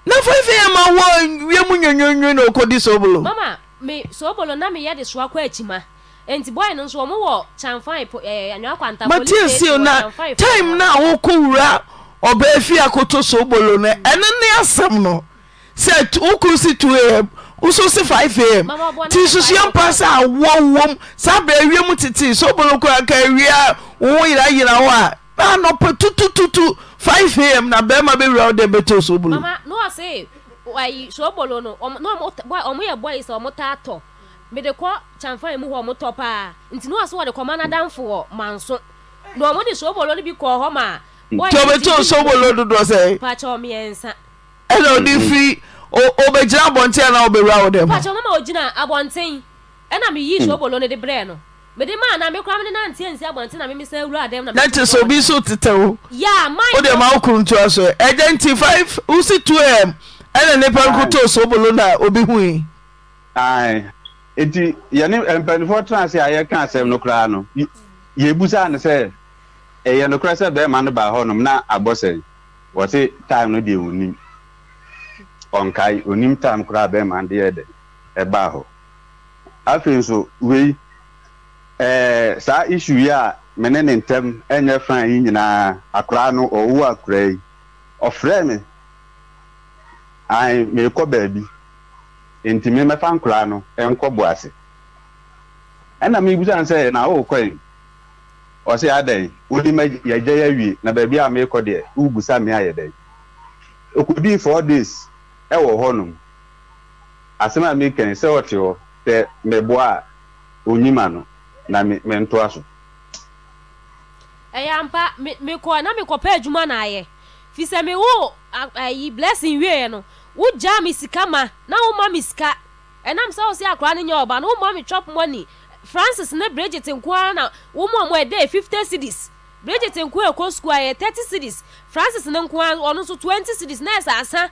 na 5am awɔ wie mu nwonwonwo na ɔkɔdi so bolo mama me so bolo na meyɛ de soa kɔ akyima nti bɔyɛ no nso ɔmo wɔ kyamfan ɛɛ eh, eh, anwa kwanta polisi matia si na time na awokɔ wura ɔbaa fi akoto so bolo no ɛne ne asɛm no sɛ wokuru si 2am woso se 5am ti susu yɛ mpa sɛ awɔ wom saa bɛ awie mu tete sɛ obolo kora ka awie a wo yira yira hɔ a na anɔpɛ tutututu 5am na bɛrima bɛwura wo dɛ bɛtɛ so obolo ayi sobolo no ɔmo na ɔmo boy ɔmo yɛ boy sɛ ɔmo taa tɔ mede kɔ kyanfan mu hɔ ɔmo tɔ paa nti na wɔsɛ wɔde kɔma n'adanfo wɔ manso na ɔmo de sobolo no bi kɔɔ hɔ ma. tí o bɛ tí o sobolo dodo sɛ. pàtó mmiɛnsa. ɛna o de O obɛgyina abɔnten na wobɛwura wo dɛ mpakyɛ mama ogyina abɔnten ɛna meyi hmm. sobolo no de brɛɛ no mede maa na mekora mene nanteɛ nsi abɔnten na memesa wura dɛm na na nti sɛ obi so tetɛwo ya wode ma wo kuruntua so ɛgya nti 5 wosi 2am ɛna nnipa nkotoo sobolo no a obi hui nti yɛne eh, mpanimfoɔ tena se a yɛka asɛm no koraa no yɛbusaa no sɛ ɛyɛ nokorɛ sɛ bɛrima no baa hɔnom na abɔ sɛ wɔse time no deɛ wɔnim ọnkaị onim tam koraa bɛrima de yɛ dɛ e ɛbaa hɔ afei nso wei ɛɛ e, saa isu yi a mene ne ntɛm ɛnyɛ e fan yi nyinaa akoraa no ɔwo akoraa yi ɔfrɛ me an meekɔ baabi ntumi mɛfa nkoraa no ɛnkɔ bo ase ɛna mebusan sɛ na ɔɔkɔ yi ɔsɛ adan wodi ma yɛgya yɛawie na baabi a meekɔ deɛ wobusa me ayɛ dɛn ɔkɔdii four days ɛwɔ hɔnom asɛm a mekɛn sɛ ɔte hɔ sɛ meboa a onyima no na mentoa so ɛyɛ ampa mekɔ na mekɔpɛ adwuma na ayɛ fi sɛ mewo ayi blessing wieɛ no wogyaa me sika ma na woma me sika ɛnam sɛ wo sɛ akora no nyɛ ɔba no woma me chop money francis ne bridget nko ara na woma mɔ ɛdɛ 50 cities bridget nko ɛkɔ sukuu 30 cities francis ne nko ara ɔno nso 20 cities na ɛsɛ asa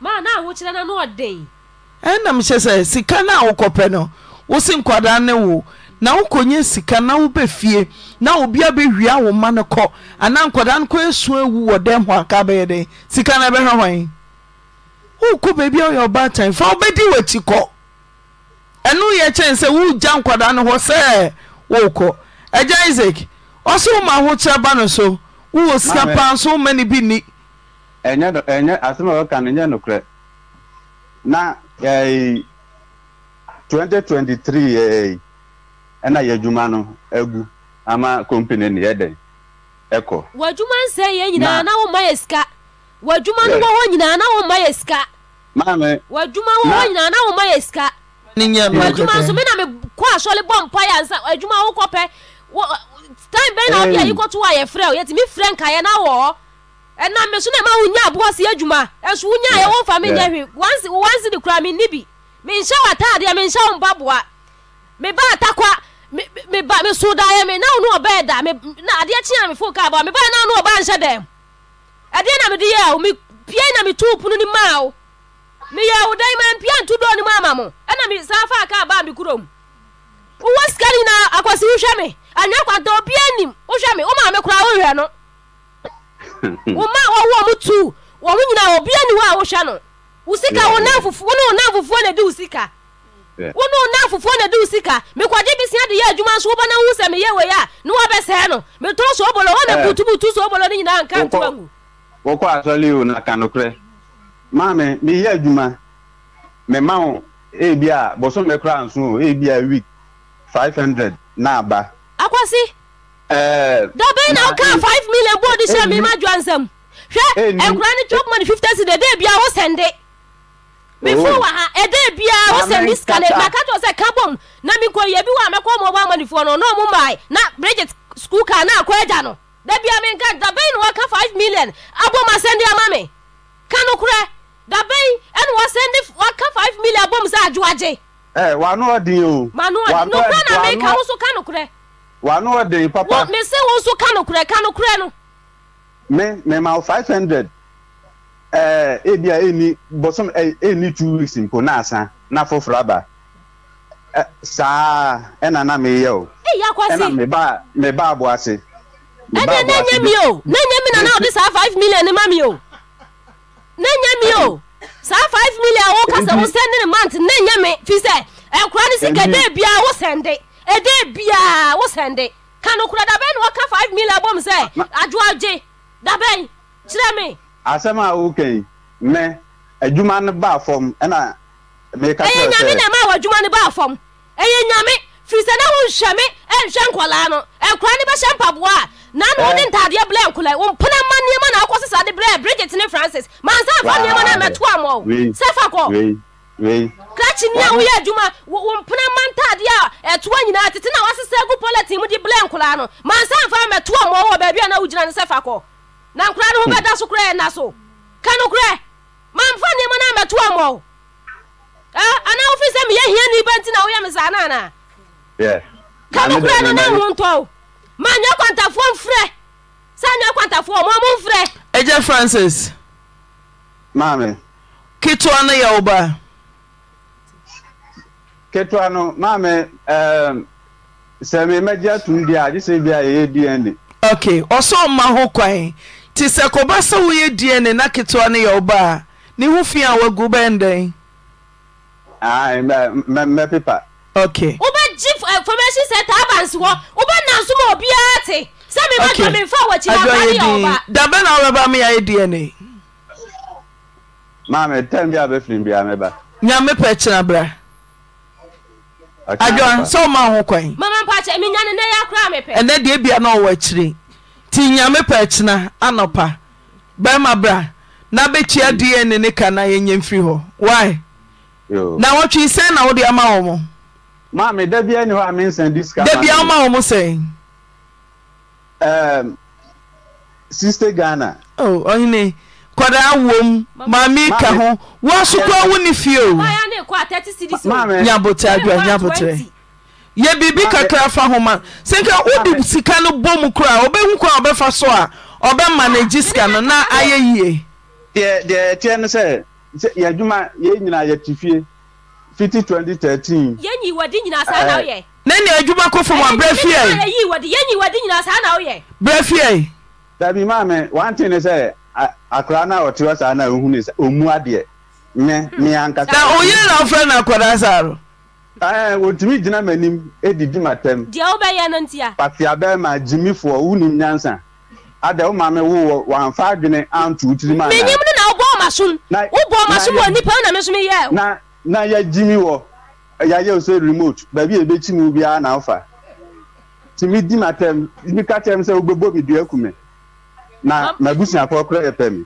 maa na awokyerɛ no na ɔden ɛnam hyɛ sɛ sika no a wokɔpɛ no wosi nkwadaa ne wo na nye sika na wobɛ fie na obi obia bɛwia wo ma no kɔ anaa nkwadaa no esu ewu awu wɔ dɛm hɔ aka bɛyɛ dɛn sika no ɛbɛhwɛ hwan wokɔ baabi a ɔyɛ ɔbaatan fa wobɛdi w'akyi kɔ ɛno yɛ kyɛn sɛ woregya nkwadaa no hɔ sɛ worekɔ agya isaac ɔso woma ho kyerɛ ba no so wowɔ sika paa nso woma no bi nni ɛnyɛ no ɛnyɛ asɛm a wɔka no nyɛ nokorɛ na ɛɛ eh, twenty twenty three ɛɛ eh, ɛna yɛ adwuma no agu ama company ne yɛ dɛ ɛkɔ. w'adwuma nsɛn yɛ nyinaa na wɔn ma yɛ sika w'adwuma no wɔ hɔ nyinaa na wɔn ma yɛ sika. maame w'adwuma wɔ hɔ nyinaa na wɔn ma yɛ sika. w'adwuma nso mi na mi kɔ asɔle bɔ mpa yɛ ansa w'adwuma wɔ kɔ wɔ time bɛyɛ na ɔbi ayi kɔ to a yɛ frɛ o yɛ ti mi frɛ nkaeɛ na wɔ nameso ne ma oya bose duma o woya wofa me eka mn meyɛ so ana meto na woma wɔwɔ mo tu wɔ mo nyinaa obia ni hɔ a wohwɛ no wo sika wo ne wonamfofoɔ na di wo sika wo ne wonamfofoɔ na di wo sika mekɔgye bisea de yɛ adwuma so wobɛna wo sɛ meyɛ wei a ne wɔbɛsɛe no metɔ so obolo wɔna butubutu so obolo no nyinaa nka ntoma ngu wɔkɔ asɔle o na ka nokorɛ maame meyɛ adwuma ma wo ebi a bɔsɔmɛ kora nso o ebi a week five hundred na aba akwasi Eh, dabe na ɔka five million bɔɔdu sɛ mi ma jɔ nsɛm hwɛ nkura e ni chop money fifty cedi ɛdɛ bia o sɛnde mifo oh. wa ha ɛdɛ bia o sɛnde sikale maka tɔ sɛ kabom na mi ko yɛ bi wa mɛ kɔ mɔ bɔ amanifoɔ no n'omu maa na bridget school car na akɔ ɛgya no dabi ami nka dabe na ɔka five million abɔ ma sɛnde ama mi kanu kurɛ dabe ɛna e ɔsɛnde ɔka five million abɔ mu sɛ adwo agye. ɛ eh, wa n'o di o. ma n'o di n'o kura na mi ka woso kanu kurɛ. wàánu ọ̀dẹ̀ yìí papa. wọ́n mi sẹ́ wọ́n sún kánukúrẹ́ kánukúrẹ́ nu. mi mi ma five hundred ẹ eh, ebi a eni bɔsɔm ɛ eh, eni two weeks mpo n'asa na foforɔ aba ɛ eh, saa ɛna na mi yɛ o. eyi akwasi ɛna mi ba mi ba abo ase. ɛdɛ ne nye mi o ne nye mi na na ɔdi saa five million ne ma mi o ne nye mi o saa five million awo kasa wo sɛndi ni mant ne nye mi fi sɛ ɛkura ni sika de bia wo sɛndi. ɛdɛ biaa wo sɛnde ka no kura dabɛn na wɔka five mil abom sɛ adwoa gye dabɛn kyerɛ me asɛm a wokan me adwuma e no baa fam ɛna meka ɛyɛ nyame na ɛma wɔ adwuma no baa fam ɛyɛ nyame firi sɛ na wonhwɛ me ɛnhwɛ nkɔlaa no ɛnkora ne bɛhyɛ mpaboa a na no wode eh. ntadeɛ brɛ nkɔlaa wo mpena ma nneɛma na wokɔ sesade brɛ bridget ne francis mansa fa nneɛma no ɛmɛtoa mɔ sɛ fa krainia woyɛ adwuma ompa anta a yinaɛɛ a ya franis kitoana yɛ wo ba ketewa no maame ɛɛm ehm, sɛ mmemmegye atum a agye bi a yɛyɛ dna. ok ɔsɔ mma ho kwan te sɛ sɛ dna na ketewa no yɛ ɔba a ne ho fi a wagu bɛn dɛn. ayi ah, mɛ mɛ pepa. ok. Eh, na ɔba ne yɛ ɔba. na dna. maame tɛn bi a bɛ bi a nyame pɛ adwoa sɛ woma ho kwan ɛnɛ deɛ bia na ɔwɔ akyire nti nyame pɛ akyena anɔpa bɛrima bra na bɛkyia mm. deɛ ne ne ka na yɛnya mfiri hɔ na wɔtwei sɛn na wode ama wɔ mo da bia woma wɔ mo sɛn kɔdaa wom mame ka ho woaso koa wo ne fieonyabotaaduanyabotrɛ yɛ biribi kakra fa homa sɛnka wode sika no bɔ mu koraa obɛhu koa ɔbɛfa so a ɔbɛma no gyi sika no na ayɛ yie deɛ ɛteɛ no sɛ yɛadwuma yɛi nyinaa yɛte fie fiti 2013 eh. ne ne adwuma kɔ fam a berɛ fie berɛ fie dabi maa me wante ne sɛ akwadaa no a ɔte na ohun ne omu adịe nye mɛ mɛ ankasa. na oyin na ɔfrɛ na akwadaa saa Ee! ɛɛ otumi gyina m'anim edidi ma tɛm. deɛ wobɛyɛ no nti a. pafia bɛrima gyimifoɔ wunim nyansa ada wo maame wụ wɔ wɔnfa adwene antu tiri ma. menyim no na wobɔ ɔma so no wobɔ ɔma so wɔ nipa na me so me yɛ. na na yɛ gyimi wɔ yɛayɛ o sɛ remote baabi a m mu biara na afa tumi di ma tɛm nika tɛm sɛ wobɛbɔ mi dua kume. na na mabusuafoɔ kora yɛ pɛ me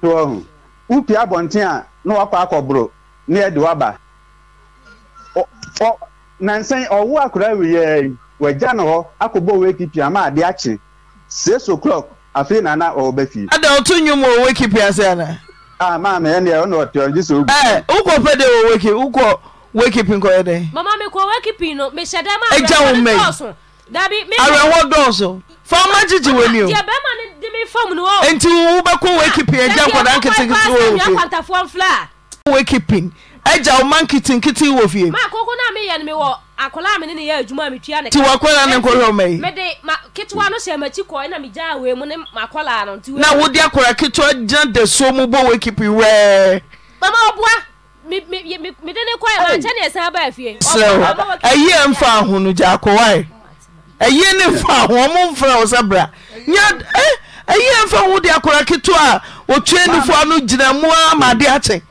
to ɔho wopi abɔnten a na wakɔ akɔboro na yɛde waba nansɛn ɔwo akora ya wagya no hɔ akɔbɔ wekipi ama ade akye six o'clock afei na na ɔwɔ bɛ fie. ada ɔtún nwom wɔ wekipi ase ana. a maame ɛni ɛwɔ n'ɔtɔ ɛdi sɛ ogu. ɛɛ wokɔ pɛ de wɔ wekipi wokɔ wekipi nkɔyɛ dɛ. mama mi kɔ wekipi no mi hyɛ dɛ maa mi ɛgya wɔn mɛ yi. awɛ wɔ dɔɔso fama gyegye w'ani o nti wobɛkɔ wakipin agya nkɔda nketenkete wɔ wakipin agya wo ma nketenkete wɔ fie akwadaa mi ni ne yɛ adwuma mi tua ne. tiwa akwadaa ne nkɔhwɛ ɔma yi. mede ma ketewa no hyɛ m'akyi kɔɔ ɛna mi gya awɛ mu ne ma akwadaa no. na wodi akwadaa ketewa gyina dasuo mu bɔ wekipi wɛɛ. mama ɔboa mi mi mi de ne kɔ yɛ wa nkyɛn ne yɛ san ba fie. sɛ o yɛ nfa ahunu gya akɔwa yɛ. ɛyie n'efu mfa ho mo a ɔtwe nifoa gyina mu a ma ade akye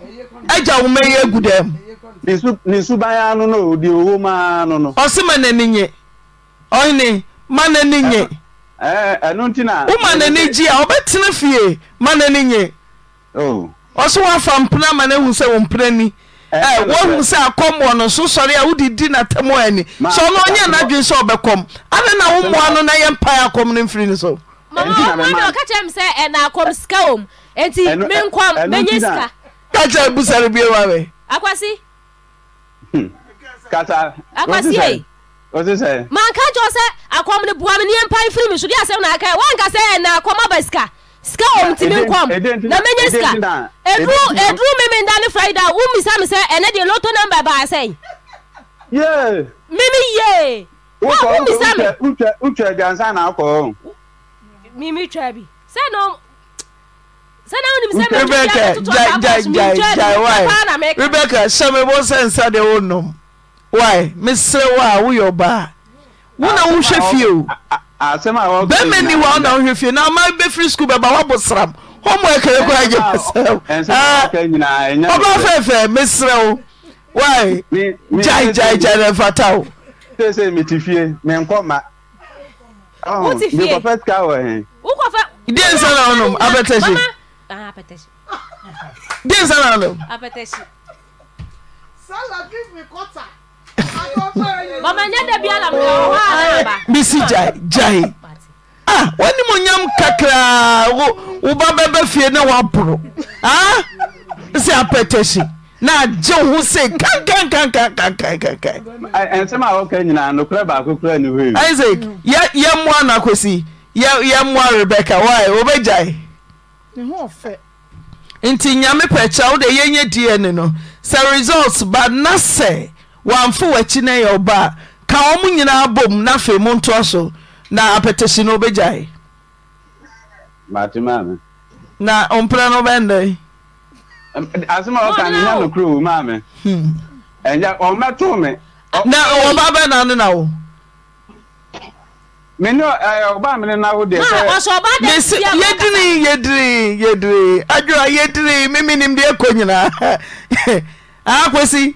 agya wo ma yi dɛm ano no ɔde maa no no ma n'ani nye ɔhene ma n'ani nye ɛno nti na woma n'ani gye a ɔbɛtena fie ma n'ani nye oh. mpena ma sɛ mpena ni wohu sɛ akɔmmɔ no so sɔre a wodedi natam ani sɛ ɔno ɔnyɛ nsọ sɛ ɔbɛkɔm ane na womoa anụ na yɛ mpae akɔm no mfiri no so ka kyerɛ busare bioma me manka kyɛw sɛ akɔm no boa me ne yɛmpae firi me so deɛ asɛm na aka wanka na ɛna akɔm aba sika sika wɔ mu ti mi nkɔm na mɛ nye sika eduru eduru mi mi nda ne friday a wumi sami sɛ ɛnɛ deɛ loto namba baasa yi. yee. mimi yee. Ah, wọ́n wumi sami. utwa utwa gansa na akɔ. mimi twa bi sɛnɛ rebeka jai jai jai jai wai Rebecca, hyɛmi bɔ sɛ nsa de wo nom wai mesrɛ wo a woyɛ ɔbaa wo na wohwɛ fie o asɛm a wɔkɔ bɛmɛ ni wa ɔna ɔhwɛ fie na ama bɛfiri sukuu bɛba wabɔ sram homework yɛ kɔ agye masɛm ɔba fɛfɛ mesrɛ wo wae gyae gyae gyae na ɛfata wo sese mi ti fie mi nkɔ ma ɔhun mi kɔ fɛ sika wɔ hɛn. diɛ nsa na ɔnum apɛtɛsi diɛ nsa na ɔnum. salad give me quarter bisi jai jai. ah wani mu nyam kakra wo wo ba bɛbɛ fie na waporo ah sɛ apɛtɛhye na agye ho se kankankankankankankan. nsɛm a wɔka nyinaa nokura baako kura ne hɔ yi. isaac yɛ yɛ mua nakosi yɛ yɛ mua rebecca why obɛgyae. ne ho ɔfɛ. nti nyame pɛkyɛw de yɛnyɛ dn no sɛ results ba na sɛ. wamfa w'akyi no yɛ ɔba ka wɔ m nyinaa bom na afei mo ntoa so na apɛtɛsi no na ɔmpra no wobɛndɛn hmm. na ɔwɔba bɛ na ne na wo yɛdiri yɛdiri yɛdiri adwera yɛdiri memenim deɛ ɛkɔ nyinaa aakɔsi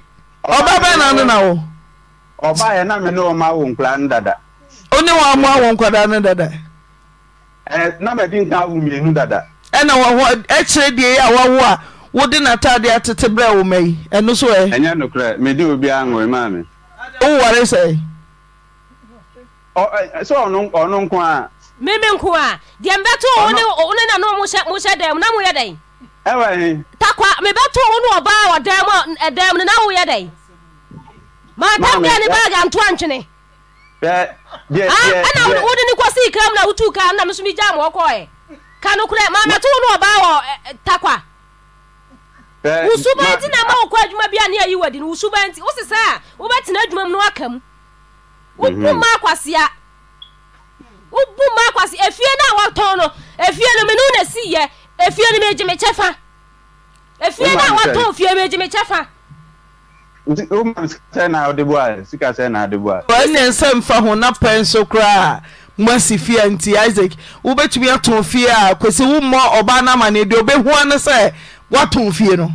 ọba bẹ́ẹ̀ na ano na wo. ọba yẹn náà mi ní ọmọ awo nkura ní dada. ó ní wọn amú awo nkwadaa ní dada. ẹ nàmẹ di nǹkan awo mmienu dada. ẹna wọn wọn ẹkyerẹ die a wọn a n'ataade atete brẹ mẹ yi ẹnu so ẹ. nukurẹ mi di obi maa mi. ó sẹ. diẹ mbẹ tó ní ɛwɔ he takwa mebɛto wo ne ɔbaa wɔ yɛ mu ɛdan mu ne na woyɛ dɛn maatam dɛ ne baage antoa ntwene ah, ɛna wode ne kɔsii kram na wotuu ka na meso megyaa ma wɔkɔɛ ka no korɛ maamɛto wo ne ɔbaa wɔ takwa wo suban nti na ma wokɔ adwuma bi a ne ayi wadi no wo suban a wobɛtena adwuma mu no waka mu wobu mhm. ma akwasea wobu ma akwasea efie no wɔtɔn no efie no mene wo na siyɛ efie ni meji me kyɛfa efie na watɔn fie meji me kyɛfa. nti o oh, ma sika sɛ sika sɛ na ɔde bu a. wɔn nyɛ nsɛm nfa ho na pɛn so koraa mmasi fie nti isaac wobɛtumi ato fie a kwesi wumɔ ɔbaa n'ama ne deɛ obɛhu ano sɛ wato fie no.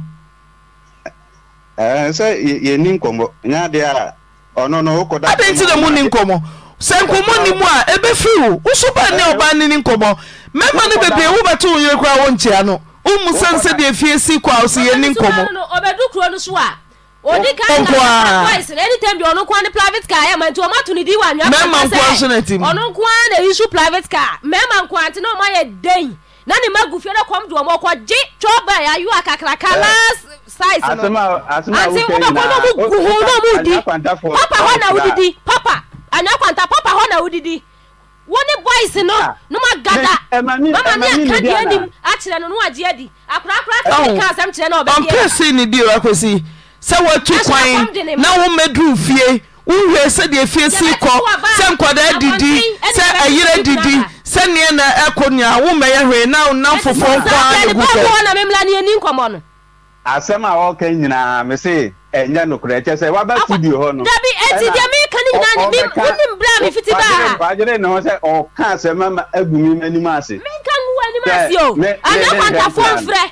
Eh, sɛ yɛ ni nkɔmɔ a ɔno no okɔ da. adanti na mu ni nkɔmɔ sɛ nkɔmmɔ ni mu a ɛbɛfiri wo woso baa ne ɔbaa ne ne nkɔmmɔ mɛma no bebree wobɛto wo yere koraa wonkyea no womu sɛne sɛdeɛ fie si kɔ a a wo sɛ yɛ ne nkɔmmɔ mɛma nkoa so no atim na ne ma gu fie no kɔm do ɔmɔ kɔ gye twɛ bɛɛ ayo a kakraka eh. last size no ase wobɛkɔ na ɔmo gu ho na ɔmo di papa hɔ na wodidi papa anakntapɔpa hnwoii wo ne ois nomakkeɛ kmpɛsei ne bi wakasi sɛ woati kwanna wommɛduu fie wohwɛi sɛdeɛ afie si kɔ sɛ nkwdaa didi sɛ ayerɛ didi sɛ nneɛ na ɛkɔ nnya wommɛyɛ hwei na onnam fofoɔ fg ne nyinaa mi mi bra mi fiti baa. baagyere na wọn sẹ ọka asẹmọ ma egu mi anim mi nka ngu wọ anim ase o ana kwanta fo nfrɛ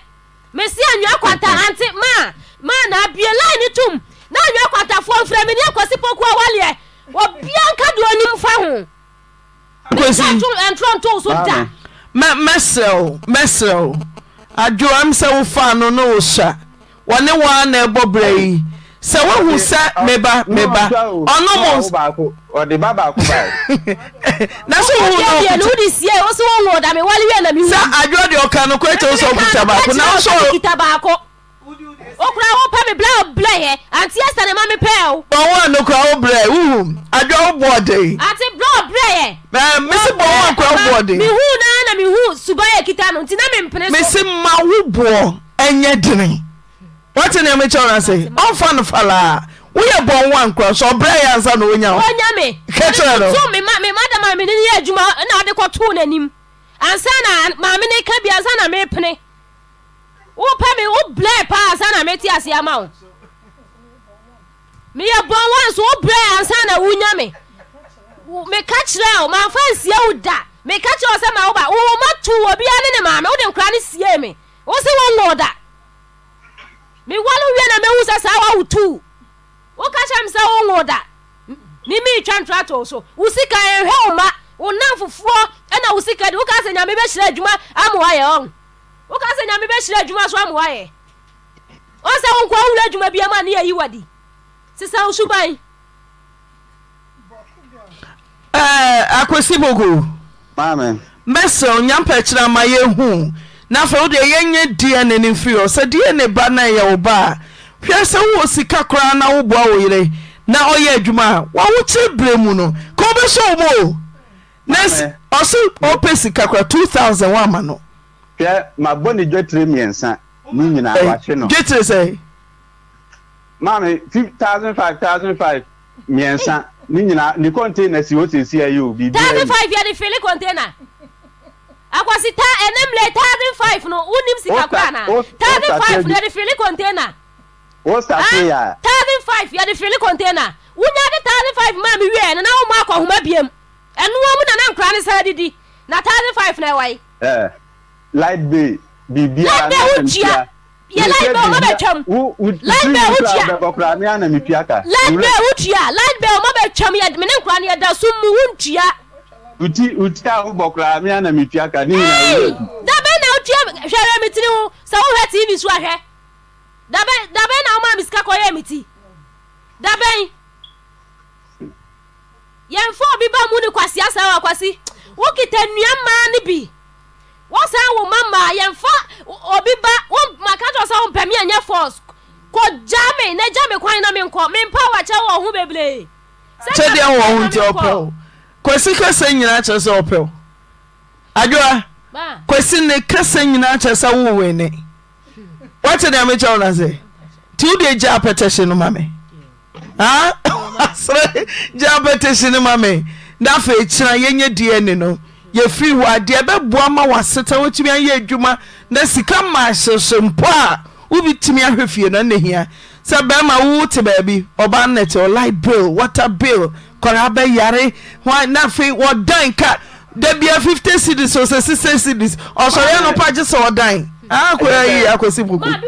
mesi anwia kwanta ante maa maa na abie line tum na anwia kwanta fo nfrɛ mi ni akwasi poku awaleɛ obia nka do onim fa ho. akwasi ntoronto so da. mɛsirɛw mɛsirɛw adwo am sɛ wofa ano na wohyɛ wɔne wɔn na ɛbɔ brɛ yi sɛ wohu sɛ meba meba ɔno na so wohu sɛ adwo deɛ ɔka no koratɛ wo sɛ wokuta baako na wosɛ okura wo pɛ mi bila o bila yɛ àti ɛsɛ ni ma mi pɛ o. bọ̀wọ́ ànukura ó bẹ̀rẹ̀ wúhù àjọ ó bọ̀ ọ̀dẹ̀. àti bọ̀ ọ̀ bẹ̀rẹ̀ yɛ. bẹ́ẹ̀ misi bọ̀wọ́ àkura ó bọ̀ ọ̀dẹ̀. mi hu na na mi hu ṣùgbọ́n yẹ kíta nù ntí náà mi mpere so. misi ma wú bọ̀ ẹ̀yẹ dìrín. wat nemekɛosɛ ɔfa no falaa woyɛ bɔn wo ka so ɔbrɛ sanayaɛ ewlwinamhu sɛsaa woawo too woka hyɛme sɛ wooda nemitwa ntra to so wo sika ɛhwɛ wo ma wonafofoɔ na wo sika di wokasɛ nyamebɛhyirɛ adwuma amayɛ ɔ wokasɛ nyamebɛhyirɛ adwuma so amayɛ ɔsɛ wonk wura adwuma biama a ne yayiwade sisa wosu ban aksi b mɛsɛ onyampakyirɛ ma yɛhu nafai wodeɛ yɛ nyɛ dn ne mfiri ɔ sɛ dn ba na ɛyɛwo ba a hwɛ sɛ wowɔ sika koraa na woboa wo yerɛ na ɔyɛ adwuma a wawokyerɛ berɛ mu no kɛ wobɛsɛ wo mɔ o ne ɔse ɔpɛ sika kora 200 woama nogwetire sɛadefe asɛn 05 no woni sika korande fre n05 yɛde firile containa wonya de u05 ma mewieɛ no na womo akɔhoma biam ɛnoa mu nanankora ne san dedi na u5 no ɛwɔioɛi woua it b ma bɛkm mene nkora no yɛda sm mu wontua uti uti a wobɔ koraa na ana metua ka ne nyina dabɛ na wotua hwɛrɛ me tiri ho sɛ wohwɛ tv so ahwɛ dabɛ dabɛ na woma me sika kɔyɛ me ti dabɛn yɛmfa obi ba mu ne kwasi asɛ wɔ kwasi wokita nnua mmaa ne bi wɔsan wo ma mmaa yɛmfa obi ba maka kyerɛ sɛ wompɛ me anyɛ force kɔgya me na gya me kwan na menkɔ mempa wakyɛ wɔ ho bebree sɛ deɛ wɔ ho nti ɔpɛ o kwasi kɛsɛ nyinaa kyerɛ sɛ ɔpɛwo adwoa kwasi ne kɛsɛ nyinaa kyerɛ sɛ wowei ne wote de a mekyɛ wonosɛ nti wode gyaapɛtɛhye no ma me aserɛ gyaapɛtɛhyi no ma me na afei kyina yɛnyɛ diani no yɛfiri hɔ adeɛ bɛboa ma wasetahotumi ayɛ adwuma na sika ma ahyesompo a wobi tumi ahwɛ fie no nnahia sɛ bɛrima wowo te baabi ɔba nne te ɔlight bill water bill kɔraa bɛyare na afei wɔdan ka da bia 50 cities o sɛ 60 cities ɔsɔre anɔpa gye sɛ ɔdan akɔa ah, yi akɔsi bukunti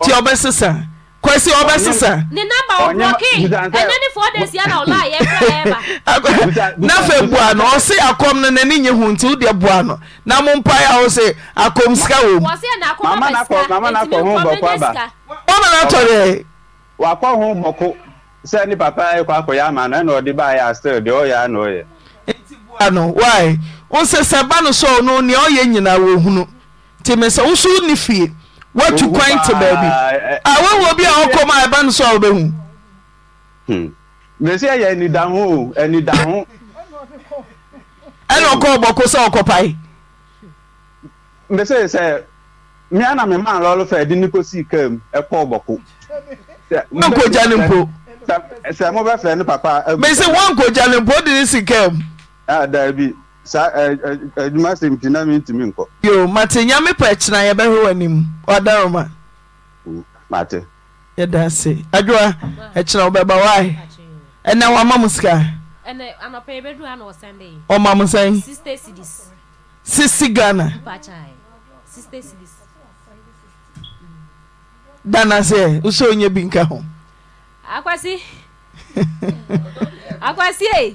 ɔbɛsesa kwesi ọbẹsisa. ní nọmba ọ̀pọ̀kì ẹ̀yẹ́ ní four days yẹn náà ọ̀la yẹn fẹ́ ẹ̀ bá. n'afẹ bu ano ọsẹ akọm no n'ani nye nti udiẹ bu ano na mo mpa ya ọsẹ akọm sika wọ mu. wọ́n sẹ́ na akọm ọbẹ̀ sika mama na akọ hun bọ̀kọ aba. wọ́n mọ̀ n'atọ dẹ̀. wakọ hun bọ̀kọ sẹ́ ni papa yẹ kọ akọ ya ama na ẹna ọdi ba ya still deɛ ɔyɛ ana ɔyɛ. eti bu ano wáyé n sẹ sẹ ba no sọ ọ hunu ni woatu kwan te baabi ah, a wowu obi a ɔkɔ mu a ɛba no so a wobɛhu hmm. mesi ɛyɛ anidaho anidaho ɛna ɔkɔ ɔbɔko sɛ ɔkɔ pae mesi sɛ mmea na mema lɔɔre fɛ ɛde niko sii kaa mu ɛkɔ ɔbɔko wankogya ne mpo sɛ mobɛfrɛ ne papa mesi wankogya ne mpo ɔde ne sii kaa mu ah, daabi saa adwuma sɛm nti na mentumi nkɔ yo mate nyame pɛ kyena yɛbɛhwe w'anim ɔdaroma mate yɛda se adwoa ɛkyena wobɛba wae ɛnɛ wɔama mu sika ɔma mo sɛn sisi ghana dana sɛ wosɛ onya bi nka ho akwasi akwasi e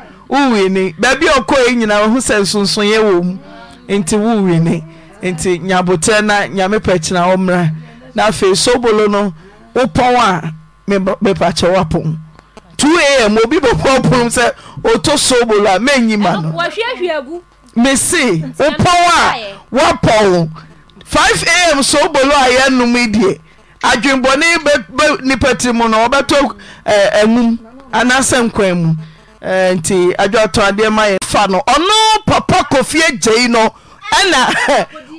wowini baabi a ɔkɔe nyina wohu sɛ nsonsoeɛ wɔ mu nti wowini nti nyaboterɛ na nyame pɛ kyena wɔ mmra na afei sobolo no wopɔn a mepakyɛ m 2am obi bɔpɔ ponom sɛ ɔtɔ sobolo a ma no mese wopɔn a wapọ m 5am sobolo a ya yɛ nom deɛ adwenbɔne nipa tiri mu no wɔbɛtɔ awum anaasɛ nkwan mu Eh, nti adwotɔn adeɛ ma yɛ fa no ɔno papa kofie gyei no ɛna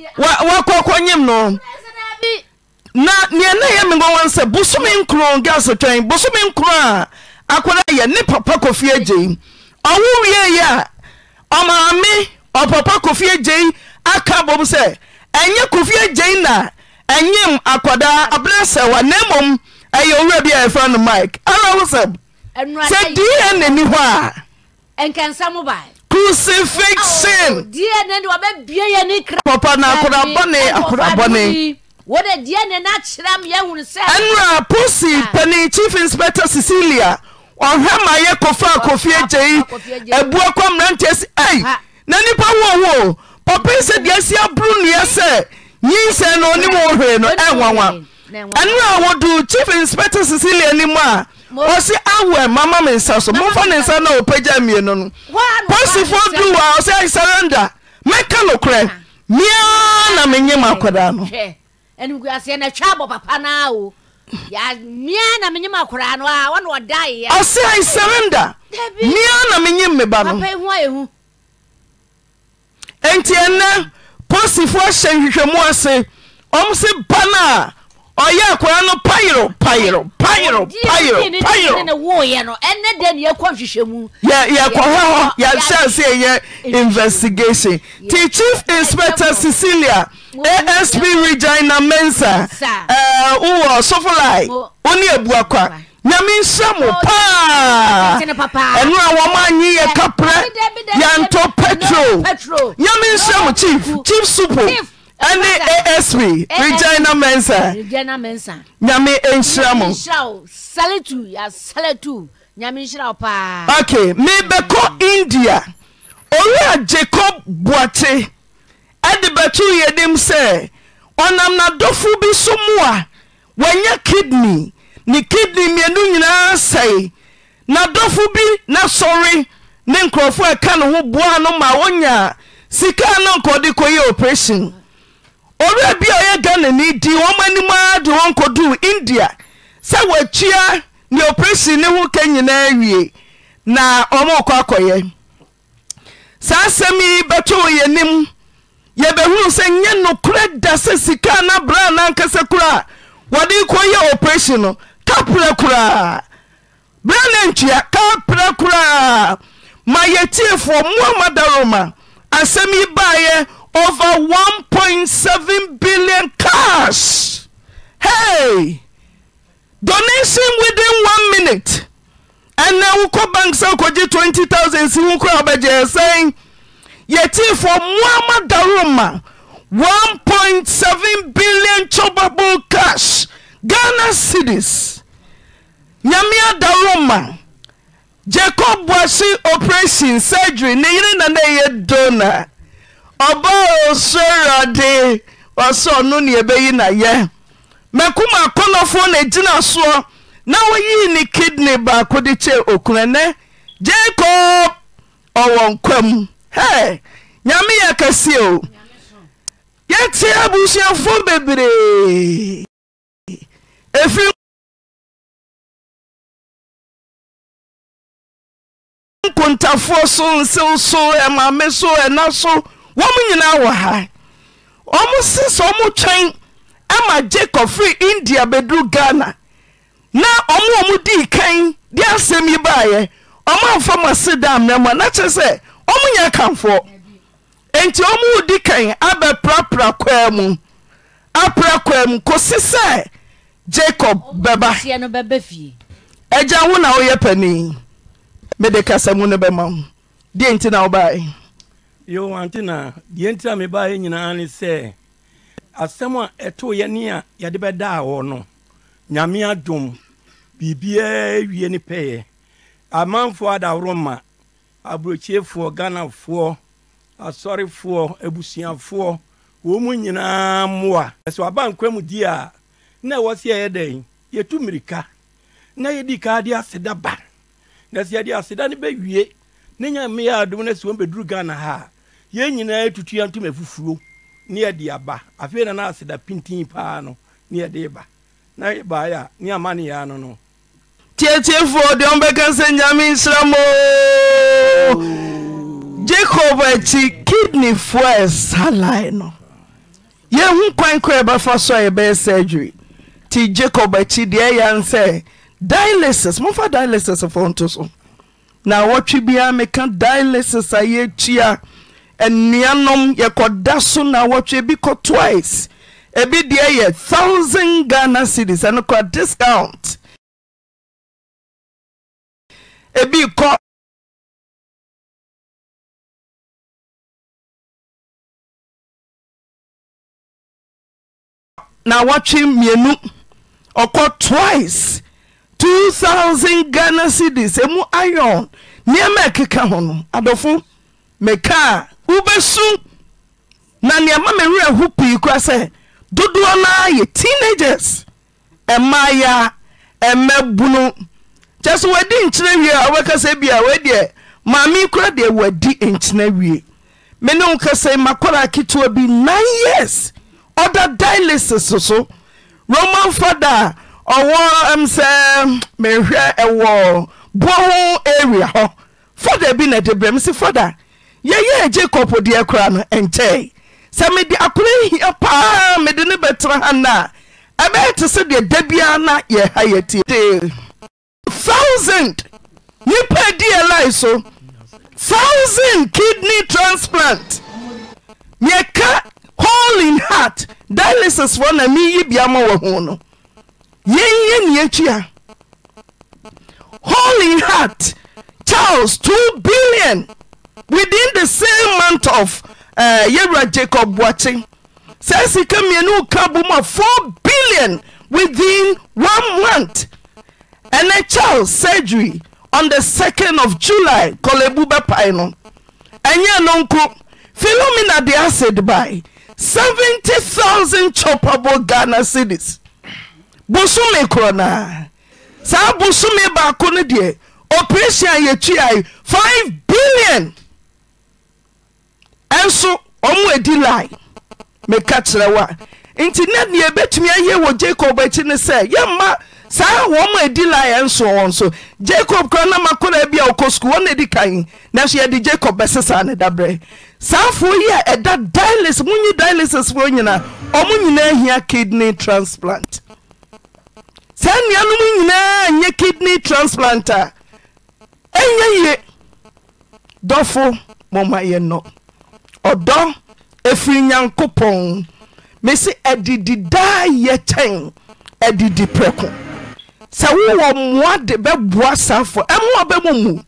woakɔkɔ nyim no na neɛ na yɛ menkɔwan sɛ bosome nkuro gas twɛn bosome nkuro a akɔda yɛ ne papa kofie gyei ɔwo wiei a ɔmaame ɔpapa kofi gyei aka bom sɛ ɛnyɛ kofi gyei na ɛnyem akɔdaa abenɛ sɛ wa na mmom ɛyɛ owura bi a yɛfrɛ no mike ara wo sɛ sɛ dnani hɔ a crucificsinɔɔ ɛnera posy pani chief inspector sicilia ɔhwɛ ma yɛ kɔfa a kofie agyeei abua kɔ mmerantiasi ei na nnipa hɔo hɔo pɔpɛi sɛ de asia abru nnuiɛ sɛ yin sɛ na ɔnim wɔwɔhwee noɛ wanwa ɛner a wɔdu chief inspector siciliani mu a ɔse awụọ mama me nsa so momfa ne nsa na ɔpɛgya mmienu no posifoɔ duu a ɔsɛ i surrender mɛka nokorɛ ah. meaa na menye m akɔdaa no ɔse i surrender meaa na menyim me ba no enti ɛnɛ posifoɔ hyɛ nhwehwɛmu ase ɔm ba a ɔyɛ akora no payiro payiro payiro payiro payiro yɛkɔhɛ hɔ yɛhyɛ sɛ ɛyɛ investigation ti chief inspector cecilia asp regina mensa wowɔ sofoli wo ne abuakwa nyame nhyɛ mo paa ɛno a wɔma anye yɛ kaprɛ yɛntɔ petro nyame nhyɛ mo chief chief supo ɛne asv regyina mɛnsa nyame nhyira mo mebɛkɔ india ɔwe a jacob boate ɛde batuu yɛ nim sɛ ɔnam n'dɔfo bi so moa wanyɛ kidney ne kidney mmienu nyinaa sɛe n'adɔfo bi na sɔre ne nkurɔfo a ɛka ne ho boaa no ma wonyaa sika na nkɔde kɔyɛ oprasyon ɔwurɛ bia onye ghana ni di wɔma anim ara de wɔn kɔduu india sɛ wɔakyia ne oprɛsin ne ho ka nyinaa wie na ɔmaɔkɔ ya saa asɛm yi bɛtwe wɔ yɛ nim yɛbɛhunu sɛ nyɛ nokora da sɛ sika na bra naankasɛ a wɔde kɔ yɛ oprɛsin no kapra koraa bera na ntua kapra koraa ma yɛtiefoɔ mmoa madaroma asɛm yi baeɛ over 1.7 billion cas e donation within 1 minut ɛnɛ wokɔ bank sɛ wkɔgye 20000 s ho kora wobɛgyeɛ sɛn yɛtifo mmoama dawroma 1.7 billion tobabll cash ghana cidies nyamea dawroma jacob bwase operation surgery ne yire naneɛyɛ donar ɔbɔɔsorɔde ɔsɛ ɔno ne ɛbɛyi nayɛ makoma akɔnnɔfoɔ na gyina soɔ na woyii ne kidney baako de kyɛ okunanɛ jakob ɔwɔ nkwam hɛ nyame yɛ kɛseɛ o yɛte abusuafoɔ bebree efi nkontafoɔ so nsew so ɛmame so ɛna so wɔm nyinaa wɔ ha ɔmo se sɛ ɔmotwɛn ama jacob fri india bedu ghana na ɔmo ɔ mo dii kan de asɛm yi baeɛ ɔma amfa m ase da amena mu a na kyerɛ sɛ ɔmo nya akamfoɔ enti ɔmo wodi kan abɛprapra kwaa mu apra kwaa mu kɔsi sɛ jacob bɛba agya wo na woyɛ pani mede kasa mu no bɛma wo deɛ nti na wobae yɛwante na deɛ nti a mebaeɛ nyinaa ne sɛ asɛm a ɛtoo yɛne a yɛde bɛdaa wɔ no nyame adom biribiaa wie ne pɛyɛ amanfoɔ adaworo ma aburokyeefoɔ ghanafoɔ asɔrefoɔ abusuafoɔ wɔn mu nyinaa mmoa ɛsɛ aba nkwa mu di a na ɛwɔ sɛ yɛyɛ dɛn yɛtu mmirika na yɛdi kaa de aseda ba na sɛ yɛde aseda no bɛwie ne nyameyɛ adom no sɛ wɔn bɛduru ghana ha yɛ nyinaa tutua ntom afufuro ne yɛde aba afei nanaase da pinti paa no e yɛdebabemayɛ n ɛfɔɛaɛajba kidnefoɔsali no yɛhu kwan koraa yɛbɛfa so ayɛbɛyɛ surdery nti jacob akyi deɛ yɛn sɛ dialyses momfa dialyces fntoso na wɔtwe biaa meka dialyses ayɛtua anuanom yɛkɔda so na wɔtwe bi kɔ twice ebi deɛ yɛ thousand ghana cities ɛno kɔ discount ebi kɔ na wɔtwe mmienu ɔkɔ twice two thousand ghana cities emu iron nneɛma ɛkeka ho no adɔfo mekaa wobɛsu na neɛma mewerɛ ho pii kora sɛ dodoɔ noa yɛ teenagers ɛma yaa ɛmɛ bunu kyɛ so wadi nkyerɛ wie a wobɛkasɛ bia wdeɛ maame kora deɛ wadi nkyerɛ wie mene wo kasɛi makɔra ketewa bi 9 years ɔda dialysis so roman father a ɔwɔ m sɛ mehwɛ ɛwɔ boɔ area hɔ fada bi na de brɛ m si fada yɛyɛɛ gye kɔpodeɛ kora no ɛnkyɛe sɛ mede akora hia paa mede ne bɛtra ha nɛ a ɛbɛyɛte se deɛ da bia na yɛ ha yɛ ti thousnd nnipa dli so thousnd kidney transplant yɛka holl ing heart dialycis foɔ na meyibiama whu no ɛyɛnea hl ing heart charles t billion within the same month of uh, jacob boakye saa sika mmienu ka bom a four billion within one month ɛnɛ child surgery on the second of july kɔlɛbu bɛpae no ɛnyɛ no nko philomena de acid by seventy thousand chopable ghana cedis bosome korɔ naa saa bosome baako no deɛ operation a yɛtwi ayi five billion. ɛnso ɔmo edi li meka kyerɛ wo nti na neɛ bɛtumi ayɛ wɔ jacob akyi ne sɛ yɛmma saa wɔma edi li ɛnso wɔn so jacob kora na makoraa bi a ɔkɔ sukuu wɔna ɛdi kan nanso yɛde jacob bɛsesaa ne saa saafoɔ yi a ɛda dialis monyi dialysis foɔ nyinaa ɔmo nyinaa hia kidney transplant saa nnuanom nyinaa nye kidney transplant a ɛnyɛ yie dɔfo ma yɛ nnɔ ɔdɔ ɛfiri nyankopɔn mesi ɛdididaa yɛ kyɛn ɛdidi prɛko sɛ wowɔ mmoa de bɛboa saafo ɛmoa bɛmu mu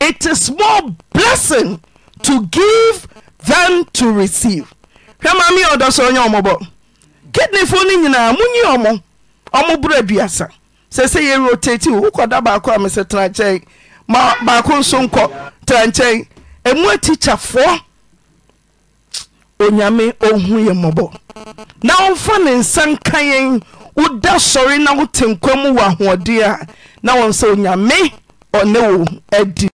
it is more blessing to give than to receive hwɛ ma me ɔdɔ sɛ ɔnyɛ ɔmɔbɔ kidneyfoɔ no nyinaa monyi ɔmo ɔmo borɔ aduasa sɛ sɛ yɛ rotati wokɔda baako a mesɛ tenakyɛn ma baako nso nkɔ tenakyɛn ɛmu atikyafoɔ onyame ɔhu yɛ mmɔbɔ na ɔmfa ne nsa nka yɛn woda sɔre na wote nkwa mu wɔ ahoɔde a na wɔn sɛ onyame ɔne wo adi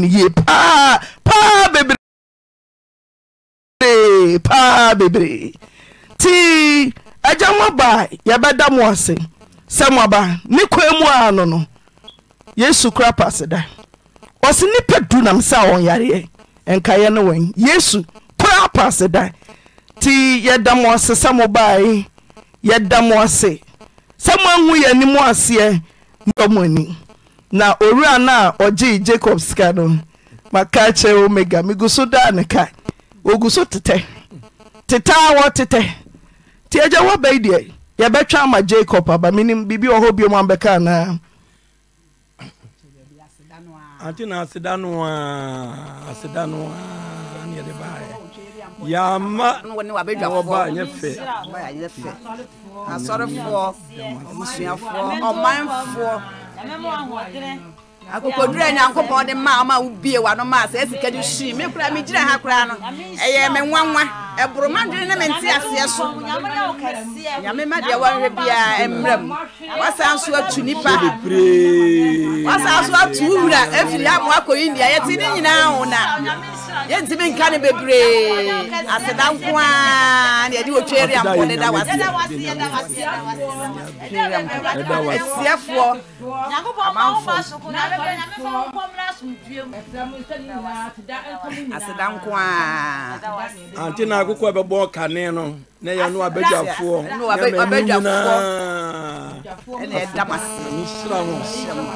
ne yie paa paa bebree paa bebree ti agya mo aba yɛbɛda mo ase sɛ mo aba ne kwan mu a no no yesu kora paase da ɔse nnipa du nam sɛ wɔnyareɛ ɛnkaeɛ no wɔn yesu praapaase da nti yɛda mo ase sɛ mo bae yɛda mo ase sɛ moahu yɛ anim aseɛ mɔ ani na owura no a ɔgyee jacob sika no maka kyerɛ omega megu so daa ne ka ɔgu so tete tete a wɔ tetɛ nti agya woabayi deɛ yɛbɛtwa ama jacob aba menim biribi wɔ hɔ biom abɛka anaa anti na aseda no a aseda no a ne yɛde baeɛ yàmà ọba yẹn fẹ asọrọfọ musuafọ ọmanfọ akokoduro ni ankopɔn de maa ɔma wobie wano maa sɛ ɛsika de hyii me kora megyina ha koraa no ɛyɛ me nwanwa ɛboroma e ndwene ne mente aseɛ so nyame ma deɛ wɔnhwɛ biaa ɛmmerɛ e wasan so atu nnipa wasan so atu wura afiri e ha ma wakɔ india yɛte ne nyinaa wo na yɛntimi nka ne bebree aseda nko ne yɛde wɔtwa area mpo ne da waseɛ asiɛfoɔ amanfo aseda nko a ante na akokɔ a ɛbɛbɔ kane no na yɛ no abadwafoɔ nhyira ho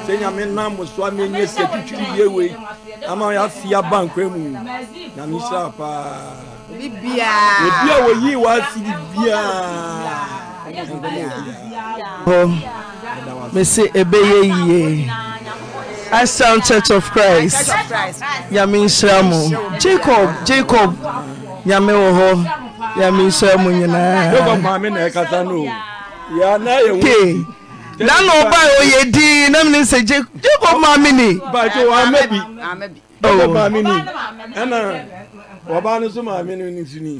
sɛ nyame nam mo so a menyɛ sɛ twitwiri yie wei ama yɛafia bankwa mu nyame hyira paa obi a wɔyii waasiri biaa mese ɛbɛyɛ yie I Ashtown Church of Christ nyame nhyira mo Jacob Jacob nyame wɔ hɔ nyame nhyira mo nyinaa nana ɔba a ɔyɛ din na mene sɛ Jacob maame ni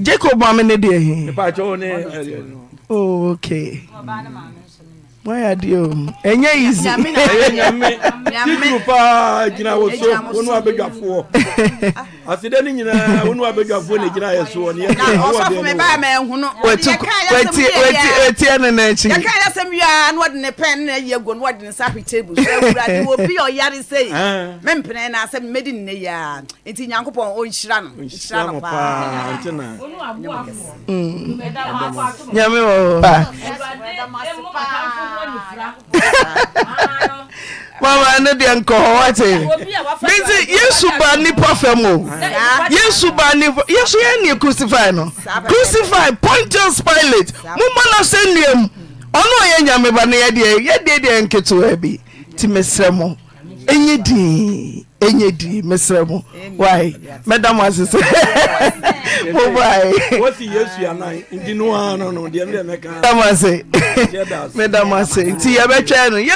Jacob maame ne deɛ he okay. Mm wáyà di o ẹ̀yẹ́ easy. ẹ̀yẹ́ nyame títù paa gyina wosó wọnú abẹ́gbàfoɔ asede ne nyinaa wone wabɛdwafoɔ na gyina yɛ so wɔ neyɛtiɛ ne nakyi yɛka yɛ sɛm wiaa na wɔde ne pɛn ne ayi ago na wɔde ne sa hwe table so awurade wɔbi a ɔyare sei mempene na asɛm mɛdi ne ne yɛa nti nyankopɔn ɔnhyira no nhyira no paa nyame wɔ hɔ mama ne deɛ nkɔ hɔ wate menti yesu ba nnipa fam o yesu ba nnipa yesu yɛ nie crucify no crucify pontius pilate momma no sɛ nnuam ɔno ɔyɛ nyame ba no yɛdeɛ yɛdeɛ deɛ nketewa bi nti mesrɛ mo ɛnyɛ dii ɛnyɛ dii mesrɛ mo wae mɛda mo ase sɛ mobae mɛda mo ase nti yɛbɛtwɛɛ no